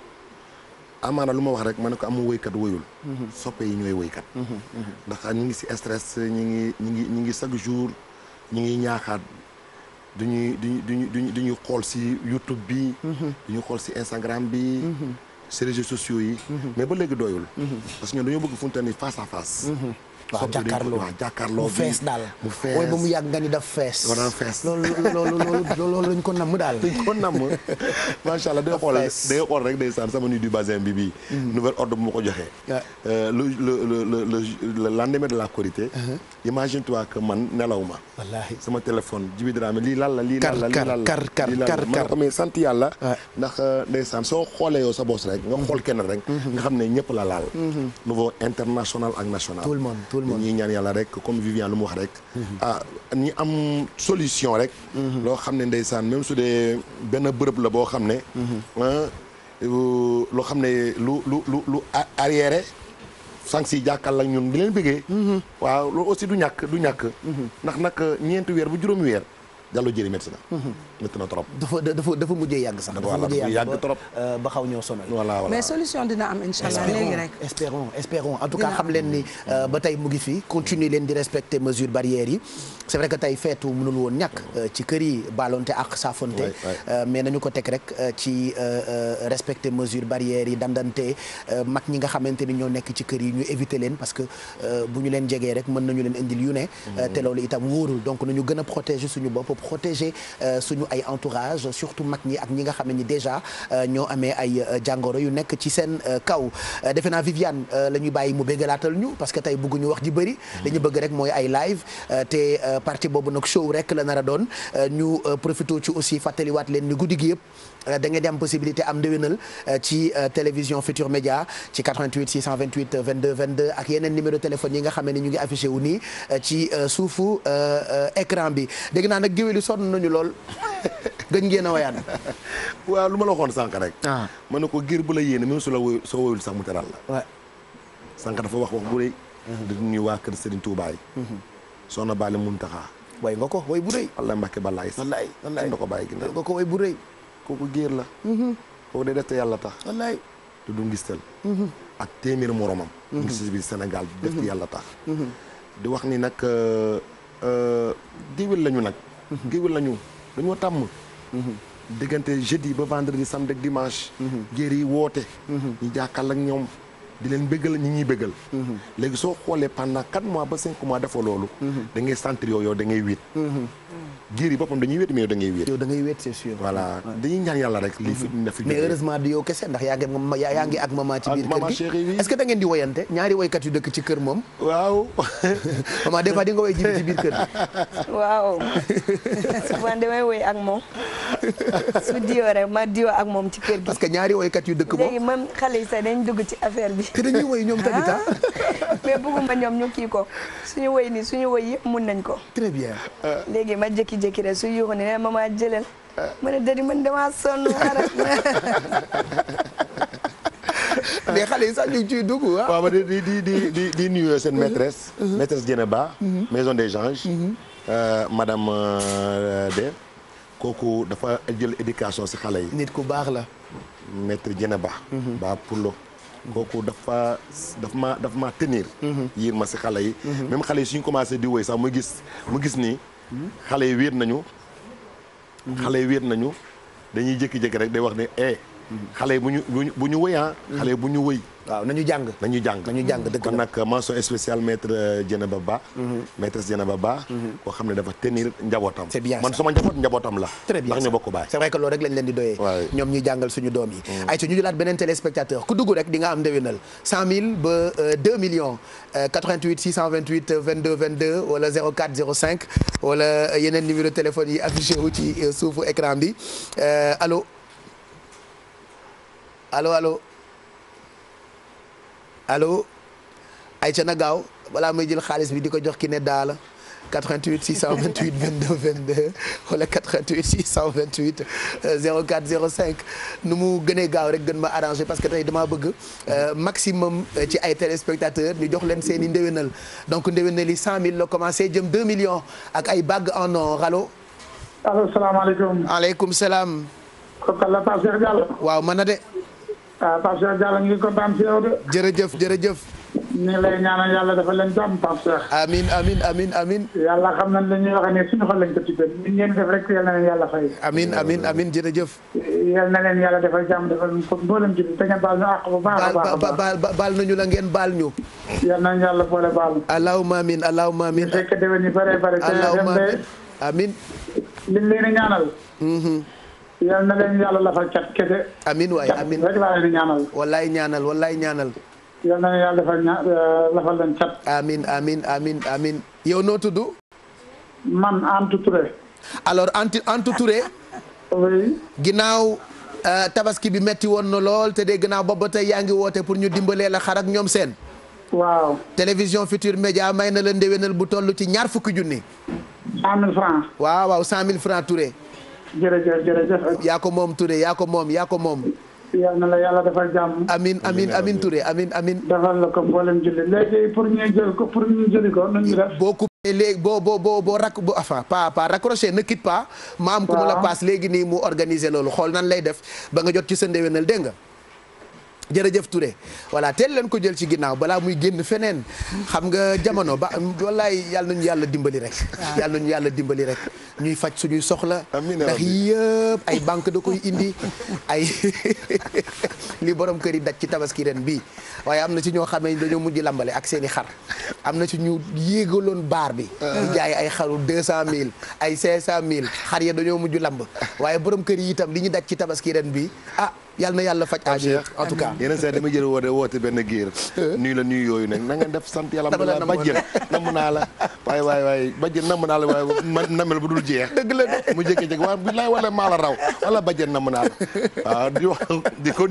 amaana lu ma wax rek ma ne ko amul woykat woyul. Mhm. soppe yi ñooy woykat. Mhm, ndax ñu ngi si stress ñu ngi ñu ngi ñu ngi chaque jour ñu ngi ñaaxaat du ñuy du du ñuy xool si YouTube bi. du ñuy xool si Instagram bi. si réseaux sociaux yi. mais ba léegi doyul. parce que ñun dañoo bëgg fu face à face. waaw jàkkaarloo jàkkaarloo mu fees daal mu fees wooy ba mu yàgg nga ni daf fees daan fees loolu loolu loolu loolu lañ ko namm daal *laughs* ko namm macha allah day xool day rek day saan sama nuit du bazin bi bii hmm. nouvelle ordre bu ma ko joxee euh, le le le le lendemain de la Korité uh-huh. imagine toi que man nelaw ma wallaahi sama téléphone jibi dramé lii lan la lii lan la lii lan la kar kar kar ko mais sant yàlla ndax euh, ndeysaan soo xoolee yow sa boss rek nga hmm. xool kenn rek hmm. nga xam ne ñëpp la laal niveau tout le monde ñaan yàlla rek comme Viviane lu mu wax rek. Mhm. ah ñi am solution rek. Mhm. loo xam ne ndey saan même su dee benn bërëb la boo xam ne. Mhm. Ah, euh, loo xam ne lu lu lu lu si jàkkal la ñun di leen bëggee. waaw loolu aussi du ñàkk du ñàkk. ndax nag euh, ñeenti weer bu juróom weer. Diallo Diéry métti na. métti na trop. dafa dafa dafa mujjee yàgg sax. dafa mujjee yàgg trop euh, ba xaw ñoo sonal. voilà mais solution dina am incha allah léegi rek. espérons en tout cas xam leen ni euh, ba tey mu ngi fi continuer leen di respecter mesures barrières yi c'est vrai que tey feetu mënul woon ñàkk euh, ci kër yi baalonte ak saafonte mais nañu ko teg rek ci respecter mesures barrières yi dandante mag ñi nga xamante ni ñoo nekk ci kër yi ñu éviter leen parce que bu ñu leen jegee rek mën na ñu leen indil yu ne mm-hmm. te loolu itam wóorul gën a suñu bopp protéger euh, suñu ay entourage surtout mag ñi ak ñi nga xam ne ni déjà euh, ñoo amee ay euh, jàngoro yu nekk ci seen kaw defe naa Viviane la ñuy bàyyi mu béggalaatal ñu parce que tey bëgguñu wax di bëri mm-hmm. li ñu bëgg rek mooy ay live te partie boobu nag show rek la nar a doon ñu profité ci aussi fàttaliwaat leen ni guddi gi yëpp Euh, da ngeen di am possibilité am ndéwénal euh, ci euh, télévision Futur Média ci 88 628 22 22 ak yeneen numéro téléphone yi nga xam ne ñu ngi affiché wu ci suufu écran bi dégg naa nag géwél yi sonn nañu lool *laughs* gëj ngeen a wayaan. *laughs* waa lu ma la waxoon sànq rek. Ah. ma ne ko giir bu la yéene même su la woy soo woyul sax mu teral la. waaw dafa wax wax bu rëy. Mhm. di nuyu waa kër Serigne Touba yi. Mhm. Soxna Bali Muntaxa. way nga ko way bu rëy. wallaahi Mbacke Balaye. wallaahi wallaahi way bu rëy. kooku géer la mhm. kooku day def te yàlla tax wallaay te du ngistal mhm. ak téeméer moroomam mu mhm. ngi si biir Sénégal def te yàlla tax di wax ni nag euh, euh, géwél lañu nag géwél lañu dañoo tàmm diggante yi ba vendredi samedi ak dimanche géer yi woote ñu jàkkal ak ñoom di leen bëggal ñi ñuy bëggal léegi soo xoolee pendant quatre mois ba cinq mois defoo loolu da ngay yooyu da wiit giir yi boppam dañuy wéet yow da ngay wéet yow dañuy ñaan yàlla rek mm-hmm. mais heureusement du yow kese ndax yaa ngi ak maman ci biir kër gi est-ce que di woyante ñaari woykat yu dëkk ci kër moom *laughs* di nga ak moom ci kër parce que ñaari woykat yu dëkk moom ma man xale yi sax dañ dugg ci affaire bi te dañuy woy ñoom tamit ah, ah. *laughs* mais bëgguma ñoom ñu kii ko suñu woy ni suñu woy yëpp mun nañ ko très bien euh. léegi ma jëkki jékki su rek suy yuuxu ma maa jëlal ma ne dëri man damaa sonn xaral *laughs* mais xale yi sax ñu ngi ciy ah. di di di di di seen maîtresse. Mm-hmm. Mm-hmm. maîtresse Dienaba. Mm-hmm. maison des anges. Euh, madame euh, de kooku dafa jël éducation si yi. nit ku baax la. maître Dienaba. ba pour lo kooku dafa dafa ma dafa ma tenir. yiir ma si xale yi. même xale yi suñ commencé di woy sax mu gis mu gis nii. xale yi wéet nañu. xale yi wéet nañu dañuy jékki-jékki rek day wax ne eh. xale yi bu ñu bu ñu wëy ah. Mm-hmm. xale yi bu ñu wëy. waaw ñu jàng. nañu ñu nañu jàng dëgg kon nag mention spéciale maître euh, Dieynaba Ba. Mm-hmm. maîtresse Dieynaba Ba. Mm-hmm. koo xam ne dafa tenir njabootam. c'est bien man sama njaboot njabootam la. très bien ndax ñu bokk baay. c'est vrai que loolu rek lañ leen di doyee. ñoom ñuy jàngal suñu doom yi. Mm. ay ñu jëlaat beneen téléspectateur ku dugg rek di nga am ndewinal 100000 ba 2 euh, millions 88 628 22 22 wala 04 05 wala euh, yeneen numéro téléphone yi affiché wu ci suufu écran alo allo allo ayca na gaaw balaa may jël xaalis bi di ko jox ki ne daala 88 628 22 22 wala 88 628 04 05 nu mu gënee gaaw rek gën ma arrangé parce que tey damaa bëgg euh, maximum euh, ci ay téléspectateurs ñu jox leen seeni i ndéwénal donc ndéwénal yi 100000 commencé jëm 2 millions ak ay bag en or allo. allo salaamaaleykum. maaleykum salaam. kooku la Pape Cheikh Diallo. waaw mën de. waaw ah, Pape Cheikh Diallo ñu ngi kontaan si jërëjëf jërëjëf. ñu ngi lay ñaanal yàlla dafa leen jàmm Pape Cheikh. amiin amiin amiin amiin. yàlla xam nañ la ñuy wax ne suñu xol lañ rek yal na leen yàlla fay. amiin amiin jërëjëf. na leen yàlla defal jàmm defal mboolem ji te ngeen baal ñu àq bu baax a baax a baax baal baal nañu la ngeen baal ñu. yal nañu yàlla boole baal. allahumma amiin allahumma amiin. bu fekkee déwén yi bëree bëri. allahumma amiin te leen a ñaanal. yal na leen yàlla lafal cat kese. amin waay amin ñaanal. wallaay ñaanal ñaanal. yal na leen yàlla lafal ña eh, lafal leen cat. amin amin amin yow noo tudd. man Antou Touré. alors Antou Antou Touré. *laughs* ginnaaw uh, tabaski bi metti woon na lool te de ginaaw ba ba tey yaa woote pour ñu dimbalee la xar ñoom seen. waaw. télévision Futur Média may na la ndéwénal bu toll ci ñaar fukki junni. cent waaw waaw cent mille francs Touré. jërëjëf jërëjëf. yaa ko moom Touré yaa ko moom yaa ko moom. la yàlla defal jàmm. amin amin amin amin amin. defal la ko mboolem ko pour boo coupé léegi boo boo boo boo rac boo enfin pas pas raccroché ne quitte pas. la paas léegi nii mu organiser loolu xool nan lay def ba nga jot ci sa ndéwénal dégg nga. jërëjëf ture voilà teel leen ko jël ci ginnaaw balaa muy génn feneen xam nga jamono ba wallaay yàlla nañu yàlla dimbali rek yàlla nañu yàlla dimbali rek ñuy faj su ñuy soxla ndax yëpp ay banque da koy indi ay *laughs* li borom kër yi daj ci tabaski ren bii waaye am na ci ñoo xamee dañoo mujj làmbale ak seen i xar am na ci ñu yéegoo loon baar bi ñu ah. jaay ay xaru deux cent mille ay cinq cent mille xar ya dañoo mujj lamb waaye borom kër yi itam li ñu daj ci tabaski ren bii ah, yàlla na yàlla faj aajo en tout cas yeneen saa dama jël woote woote benn géer la nuyu yooyu nag na ngeen def sant yàlla alhamdulilah ba jël namm naa la waaye waaye waaye ba jël namm naa la waaye man nam bu dul jeex la mu jékki-jékki waaye bilaay wala maa la raw wala ba jël namm naa di wax di ko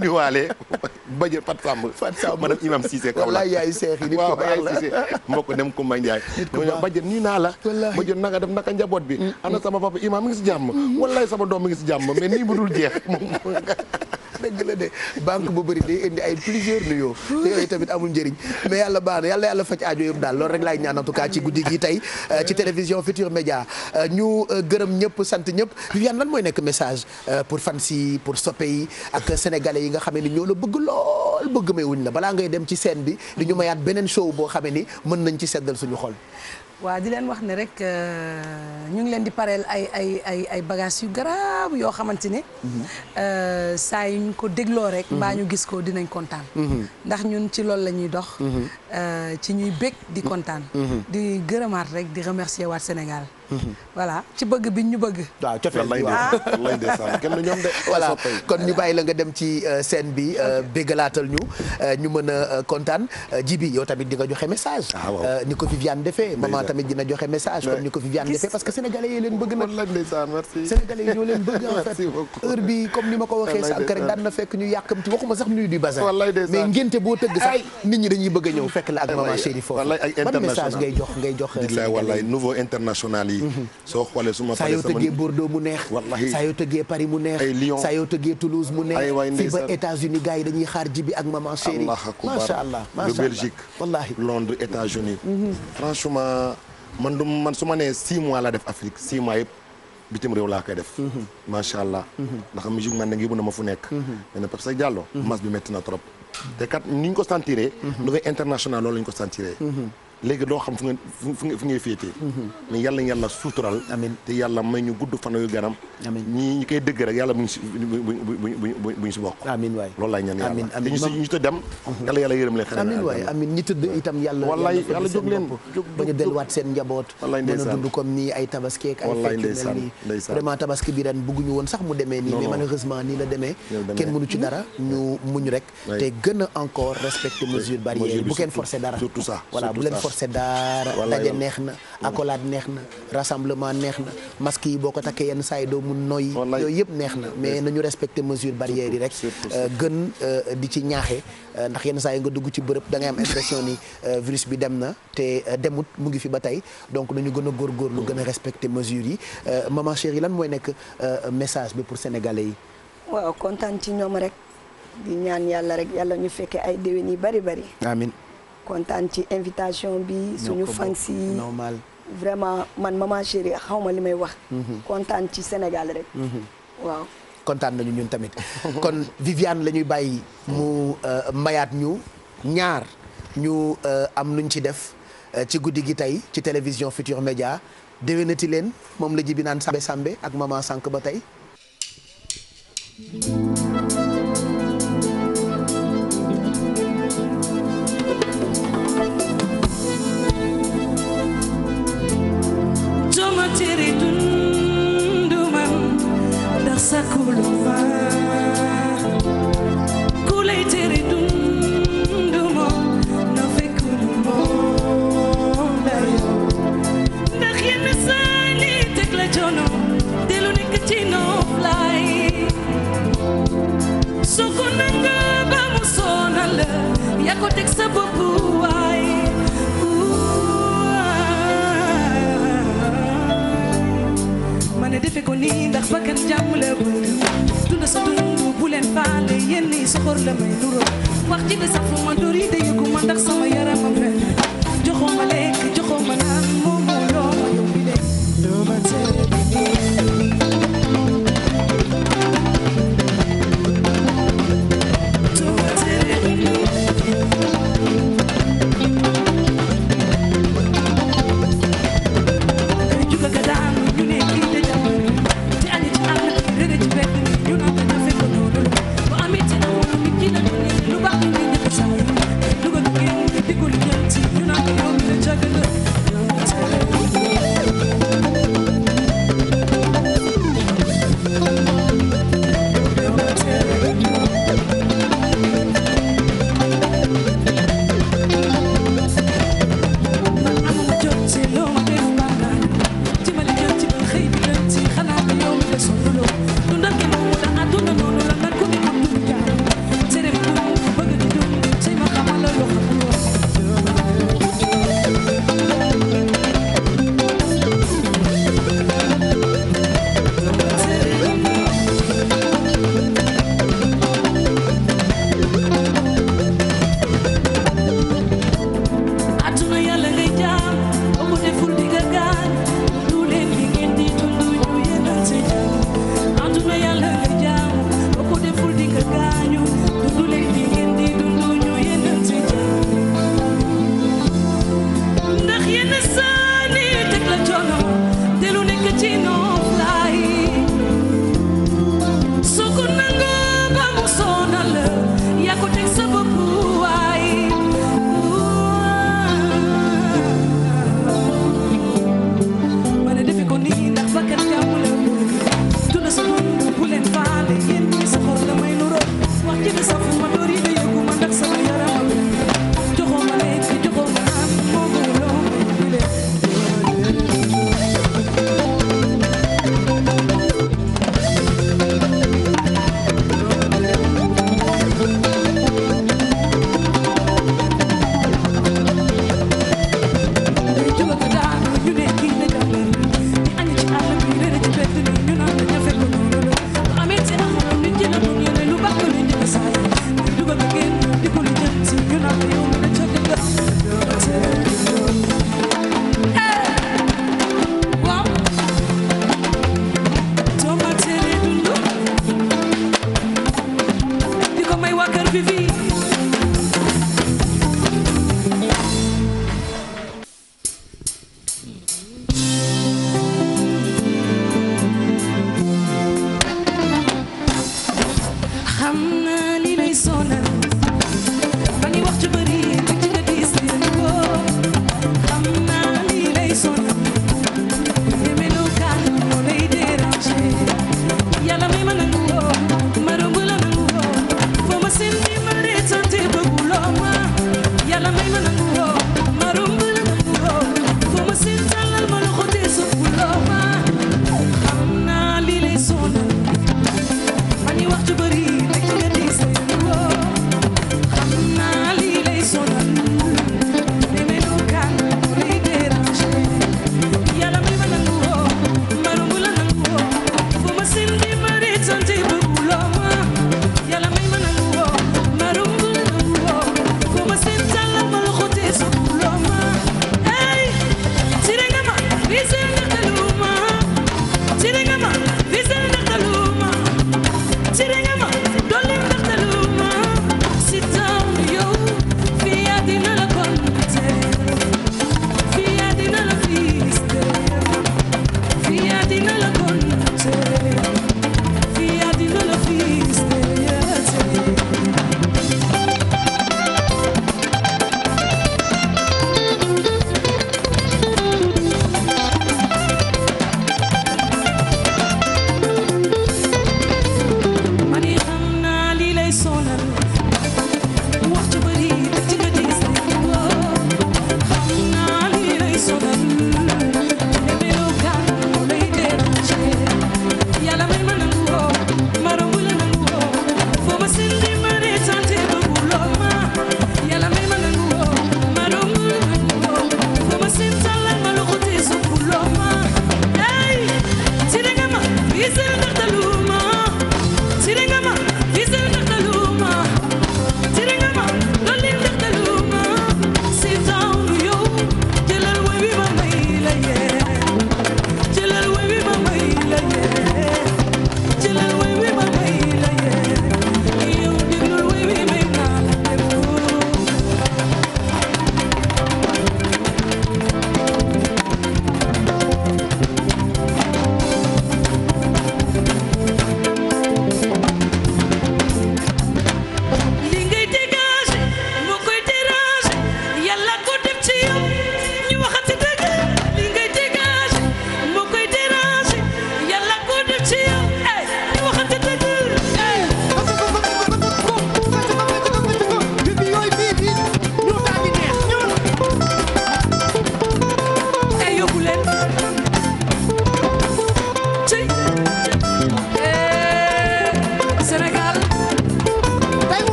ba jël Fat Samb Fat Samb madame Imam Cissé kaw la yaay seex yi nit ko baax la Cissé mbokk dem Koumba Ndiaye ba nii naa la ma jël naka def naka njaboot bi am mm, na mm. sama papa imam mi ngi si jàmm mm, wallaay sama doom mi ngi si jàmm mais nii bu dul jeex *laughs* dëgg la de banque bu bari day indi ay plusieurs nuyoo te yooyu tamit amul njëriñ mais yàlla baax na yàlla yàlla faj aajo yëpp daal loolu rek laay ñaan en ci guddi gi tey euh, ci télévision Futur Média euh, ñu euh, gërëm ñëpp sant ñëpp Viviane lan mooy nekk message pour fans yi pour soppe yi ak sénégalais yi nga xamee ni ñoo la bëgg lool bëgg may wuñ la balaa ngay dem ci seen bi di ñu mayaat beneen show boo xamee ni mën nañ ci seddal suñu xol waaw di leen wax ne rek euh, ñu ngi leen di pareel ay ay ay ay bagages yu garaaw yoo xamante ne. Mhm. Euh, saa yu ñu ko dégloo rek. baa mhm. ñu gis ko dinañ kontaan. Mhm. ndax ñun ci loolu la ñuy dox. Euh, ci ñuy bég di kontaan. di gërëmaat rek di remercier waat Sénégal. Mhm. voilà ci bëgg bi ñu bëgg. waaw ah, cofeel lay ndeysaan ah. kenn *laughs* kon ñu bàyyi la nga dem ci euh, seen bi euh, béggalaatal ñu euh, ñu mën a kontaan jibi yow tamit di nga joxe message. Ah, ni ko Viviane defee maman joxe message comme ko Viviane defee parce que sénégalais yi leen bëgg na. wallaay ndeysaan merci sénégalais ñoo leen bëgg en *laughs* fait heure bi ni ma ko waxee sànq rek daan fekk ñu yàkkamti waxuma sax nuyu du bazin mais ngénte boo tëgg sax nit ñi dañuy bëgg a ñëw fekk la ak maman chérie foofu message ngay jox ngay jox wallaay nouveau international yi yi *laughs* soo xoolee su ma sa yoo tëggee Bordeaux mu neex wallahi yoo tëggee Toulouse mu neex fii États-Unis gars yi dañuy xaar jibi ak maman chérie macha allah mhm. man du man su ma nee six mois la def Afrique six mois yëpp bitim réew laa koy def mhm. macha allah mhm. ndax musique man na ngi bu na ma fu nekk mais ne Pape Cheikh Diallo mas bi métti na trop te kat ni ñu ko sentiree niveau international loolu la ñu ko léegi doo xam fu nga fu ngay féetee mm-hmm. ni yàlla yàlla suutural amiin te yàlla may ñu gudd fan yu ganam amiin ñi ñu koy dëgg rek yàlla buñ si buñ si bokk amiin waay loolu laay ñaan amiin amiin te ñu tëdd dem mm-hmm. yàlla yàlla yërëm leen xanaa amiin waay amiin ñi tëdd itam yàlla wallaay yàlla jóg leen ba ñu delluwaat seen njaboot wallaay ndeysaan mën a dund comme nii ay tabaski ak ay fekk yu mel nii vraiment tabaski bi ren bëgguñu woon sax mu demee nii mais malheureusement nii la demee kenn mënu ci dara ñu muñ rek te gën a encore respecter mesures barrières bu kenn forcer dara voilà forcé daara daje neex na accolade neex na rassemblement neex na masque yi boo ko takkee yenn saa yi doo mun noyyi yooyu yëpp neex na mais nañu respecter mesure barrières yi rek euh, gën euh, di ci ñaaxee euh, ndax yenn saa yi nga dugg ci bërëb da am impression ni virus bi dem na te demut mu ngi fi ba tey donc nañu gën a góorgóorlu gën a respecter mesures yi maman chérie lan mooy nekk message bi pour sénégalais yi waaw kontaan ci ñoom rek di ñaan yàlla rek yàlla ñu fekkee kontaan ci invitation bi suñu fans yi normal vraiment man maman chérie xawma li may wax mhm. kontaan ci Sénégal rek mhm. waaw kontaan nañu ñun tamit kon Viviane la ñuy bàyyi mu euh, mayaat ñu ñaar ñu euh, am nuñ ci def euh, ci guddi gi tey ci télévision Futur Média déwénati leen moom la ji bi naan sambe sambe ak maman sànq ba tey ciri dundumam ndax sakulu ma ku lay ciri dundumo na fekkulu moom dayo ndax yenn saani teg la coono te lu nekk ci noof laay soo ko nanga ba mu soona la yaa ko teg sa bopp te defe ko nii ndax bakkan jàmm la bëgg dund sa dund bu leen faale yenn yi soxor la may nuroo wax ci de sax fu ma dóor yi de yëgu ma ndax sama yaramam mel ma lekk joxoo ma naan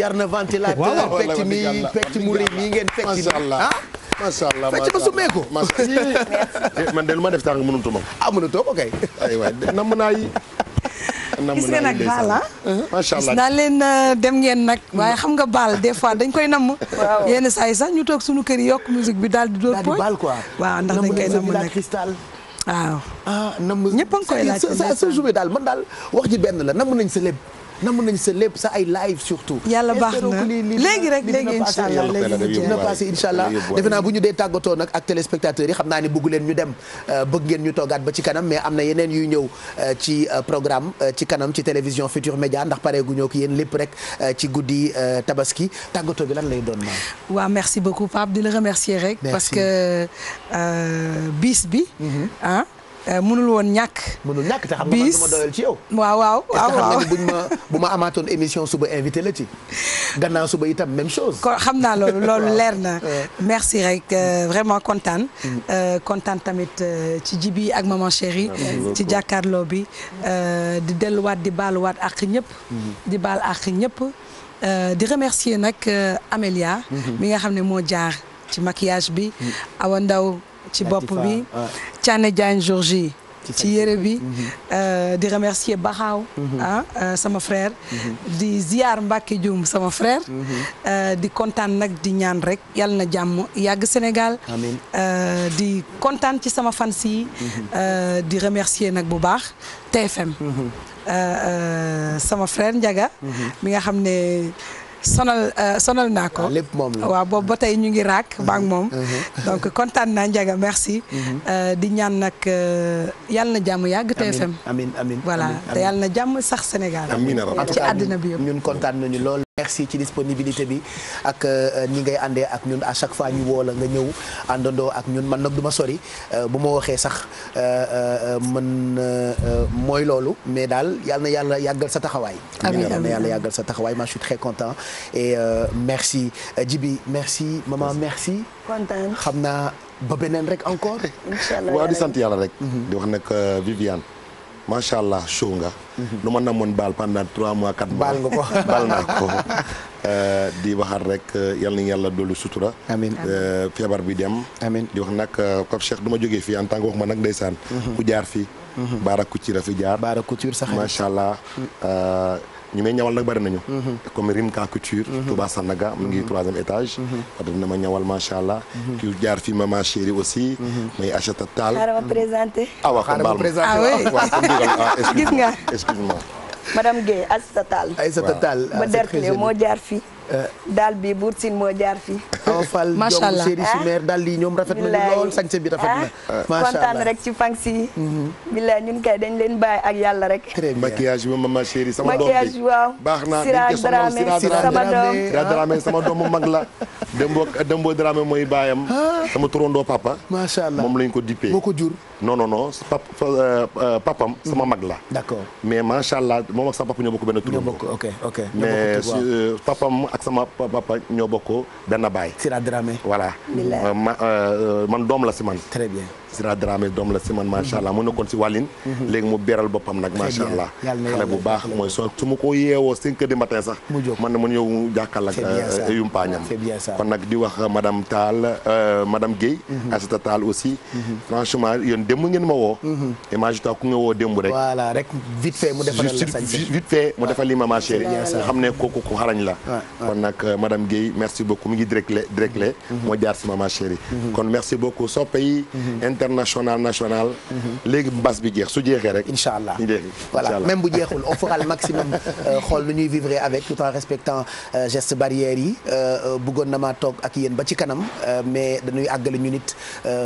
yar na ventilateur. waaw pecc mi pecc mu rëy mi ngeen pecc mi ah. macha allah fecc ma summeeku. man de lu ma def sànq mënutuma ko. ah mënutoo ko kay. aywa namm naa yi. gis ne nag baal ah. macha allah naa leen dem ngeen nag. waaye xam nga baal des fois dañ koy namm. waaw yenn saa yi sax ñu toog suñu kër yokk musique bi daal di. doon poñ daal waaw ndax dañ koy namm nag waaw. ah namm a ngi koy laaj sa sa sa daal man daal wax ji benn la namm nañ sa lépp. namm nañ sa lépp sa ay live surtout. yàlla baax na léegi rek léegi rek allah léegi dina passé incha allah defe naa bu ñu dee tàggatoo nag ak téléspectateurs yi xam naa ni bëgg leen ñu dem euh, bëgg ngeen ñu toggaat ba ci kanam mais am na yeneen yuy ñëw euh, ci euh, programme ci kanam ci télévision Futur Média ndax pare gu ñoo ko yéen lépp rek ci guddi tabaski tàggatoo bi lan lay doon maam. merci beaucoup Pape di la remercier rek. parce que bis bi. Mhm. Ah, mënul woon ñàkk. mënul ñàkk te xam waaw waaw waaw bu ma amaatoon émission suba invité la ci gannaaw suba itam même chose. ko xam naa loolu *laughs* loolu leer na. merci rek euh, mm. vraiment kontaan. Mm. Euh, kontaan tamit euh, ci jibi ak maman chérie ci jàkkaarloo bi di delluwaat di baaluwaat ak ñëpp. Mm-hmm. di baal ak ñëpp. di remercier nag Amélia. Mm-hmm. mi nga xam ne moo jaar ci maquillage bi. Mm. Awa Ndaw ci bopp bi. Thiané Diagne jour ci yére bi euh, di remercier Baxaaw mhm. ah euh, sama frère mhm. di ziar Mbacke Dioum sama frère mhm. euh, di kontaan nag di ñaan rek yàlla na jàmm yàgg Sénégal di kontaan ci sama fans yi di remercier nag bu baax TFM sama frère Ndiaga mi nga xam ne sonal euh, sonal naa ko. Ah, lépp moom la waaw boobu ba tey ñu ngi raak ba ak moom. Uh-huh. Uh-huh. donc kontaan na Ndiaga merci. Uh-huh. Euh, di ñaan nag euh, yàlla na jàmm yàgg TFM. amiin amiin voilà te yàlla jàmm sax Sénégal. amiin ci àddina bi yëpp ñun kontaan nañu lool. merci ci disponibilité bi ak euh, ni ngay àndee ak ñun à chaque fois ñu woo la nga ñëw àndandoo ak ñun man nag du ma sori euh, bu ma waxee sax euh, man mooy loolu mais daal yal na yàlla yàggal sa taxawaay. amiin yal yàlla yàggal sa taxawaay ma je suis très content et merci Djiby merci maman merci. kontaan xam naa ba beneen rek encore. incha allah waaw di sant yàlla rek. Mhm. di wax nag Viviane. macha allah show nga. Mhm. lu ma namoon baal pendant trois mois quatre mois. baal nga ko *laughs* baal naa ko. Euh, di waxaat rek euh, yal na yàlla dolli sutura. amiin euh, feebar bi dem. amiin di wax nag comme Cheikh du ma jógee fii en tant que wax ma nag ndeysaan. Mhm. ku jaar fii. Mhm. Baara Couture fi jaar. Baara Couture sax macha allah. Mm. ñu may ñawal nag bari nañu mhm. comme Rimka Couture mhm. Touba Sandaga mu ngi mhm. troisième étage wax na ma ñawal macha allah ki jaar fi ma ma chérie aussi may Achata Tall xaaral ma présenté ah waaw xaaral ma présenté ah, ah, ah, gis nga excuse moi madame Guèye Aïssata Tall Aïssata Tall moo jaar fii Euh, daal bi buur siin moo jaar fii. aw fal jom séri si meer ñoom rafet nañu lool bi rafet na. Ah. allah rek ci fang si. Mhm. billaay ñun kay dañ leen ak yàlla rek. très bien maquillage bi maman chérie sama doom bi maquillage waaw. baax doomu mag la. Dembo Dembo Dramé mooy baayam. Ah. sama turandoo papa. macha allah lañ ko dippee moo ko sama mag la. d'accord mais macha allah moom sama papa ñoo bokk benn turandoo. mais euh, papam ak sama papa ñoo bokk benn baay. Sira Dramé. voilà. Euh, euh, man doom la si man. très bien. Zira Dramé doom la si man macha allah mu nekkoon si wàllin mhm. léegi mu beral boppam nag macha allah xale bu baax mooy soo su ma ko yeewoo cinq heures du matin sax man na mu ñëw jàkkal euh, ak euh, yumpaañam kon nag di wax euh, madame Tall madame mhm. aussi mhm. franchement yéen démb ngeen ma woo image ta ku nga woo démb rek voilà rek vite fait mu defal vite fait mu ma ma chérie nga xam ne kooku ku xarañ la kon nag madame Guèye merci beaucoup mi ngi direct le moo jaar si ma ma chérie kon merci beaucoup soppe yi international national. léegi mbas bi jeex su jeexee rek. incha allah voilà même bu jeexul on fera maximum *laughs* euh, xool nu ñuy vivre avec tout en respectant euh, gestes barrières yi euh, bëggoon na maa toog ak yéen ba ci kanam mais dañuy àggale ñu nit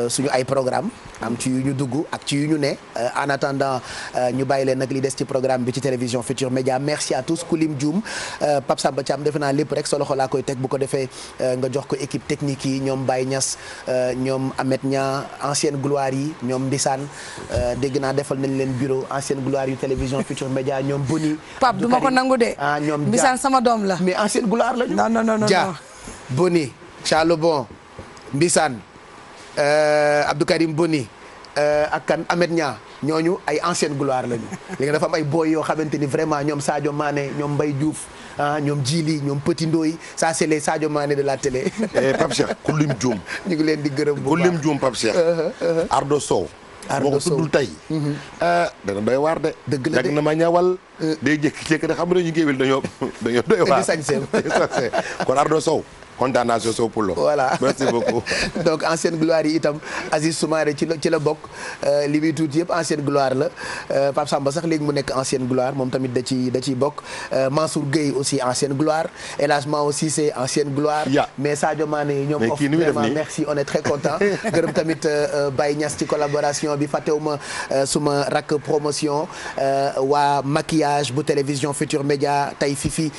suñu ay programme am ci yu ñu dugg ak ci yu ñu ne en attendant ñu bàyyi leen nag li des ci programme bi ci télévision Futur Média merci à tous Koulim Dioum Pape Samba Thiam defe naa lépp rek sa loxo laa koy teg bu ko defee nga jox ko équipe yi ñoom Baye Niass ñoom gloire yi ñoom Ndisaan euh, dégg naa defal nañ leen bureau ancienne gloire yu télévision Futur Média ñoom Boni. Pape du ma ko nangu de. ah sama doom la. mais ancienne gloire la ñu. non non non Dia Boni Charles Bon Mbisaan euh, Abdou Karim Boni euh, ak kan Ahmed ñooñu ay ancienne gloire lañu léegi dafa am ay yoo xamante ni vraiment ñoom Sadio maane ñoom mbay Diouf ah ñoom Djili ñoom Petit Ndoye ça c'est les Sadio Mané de la tele eh, Pape Cheikh ku lim juum. *laughs* ñu ngi leen di gërëm bu baax ku lim juum Pape uh-huh, uh-huh. Ardo Sow. Ardo Sow moo ko tuddul tey. Mm-hmm. Ah, dana doy waar de. dëgg la de na ma ñawal. Uh. day jékki-jékki de xam nga ñu géwél dañoo *laughs* dañoo doy waar. *laughs* dañuy sañ kon Ardo Sow. condamnation Sopolo. voilà merci beaucoup. *laughs* donc ancienne gloire yi itam Aziz suma ci la ci la bokk euh, li muy tuuti yëpp ancienne gloire la euh, Pape Samba sax léegi mu nekk ancienne gloire moom tamit da ci da ciy bokk euh, Mansour Gueye aussi ancienne gloire El Hadj Mao Cissé ancienne gloire. mais Sadio Mané ñoom. of vraiment merci on est très content *laughs* gërëm tamit bay Niass ci collaboration bi ma suma rakk promotion waa maquillage bu télévision Futur Média tey fifi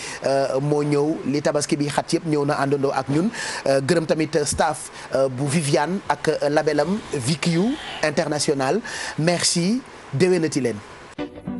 moo ñëw li tabaski bi xat yëpp ñëw na àndandoo. ak ñun euh, gërëm tamit staff euh, bu Viviane ak euh, labelam VQ international merci déwénati leen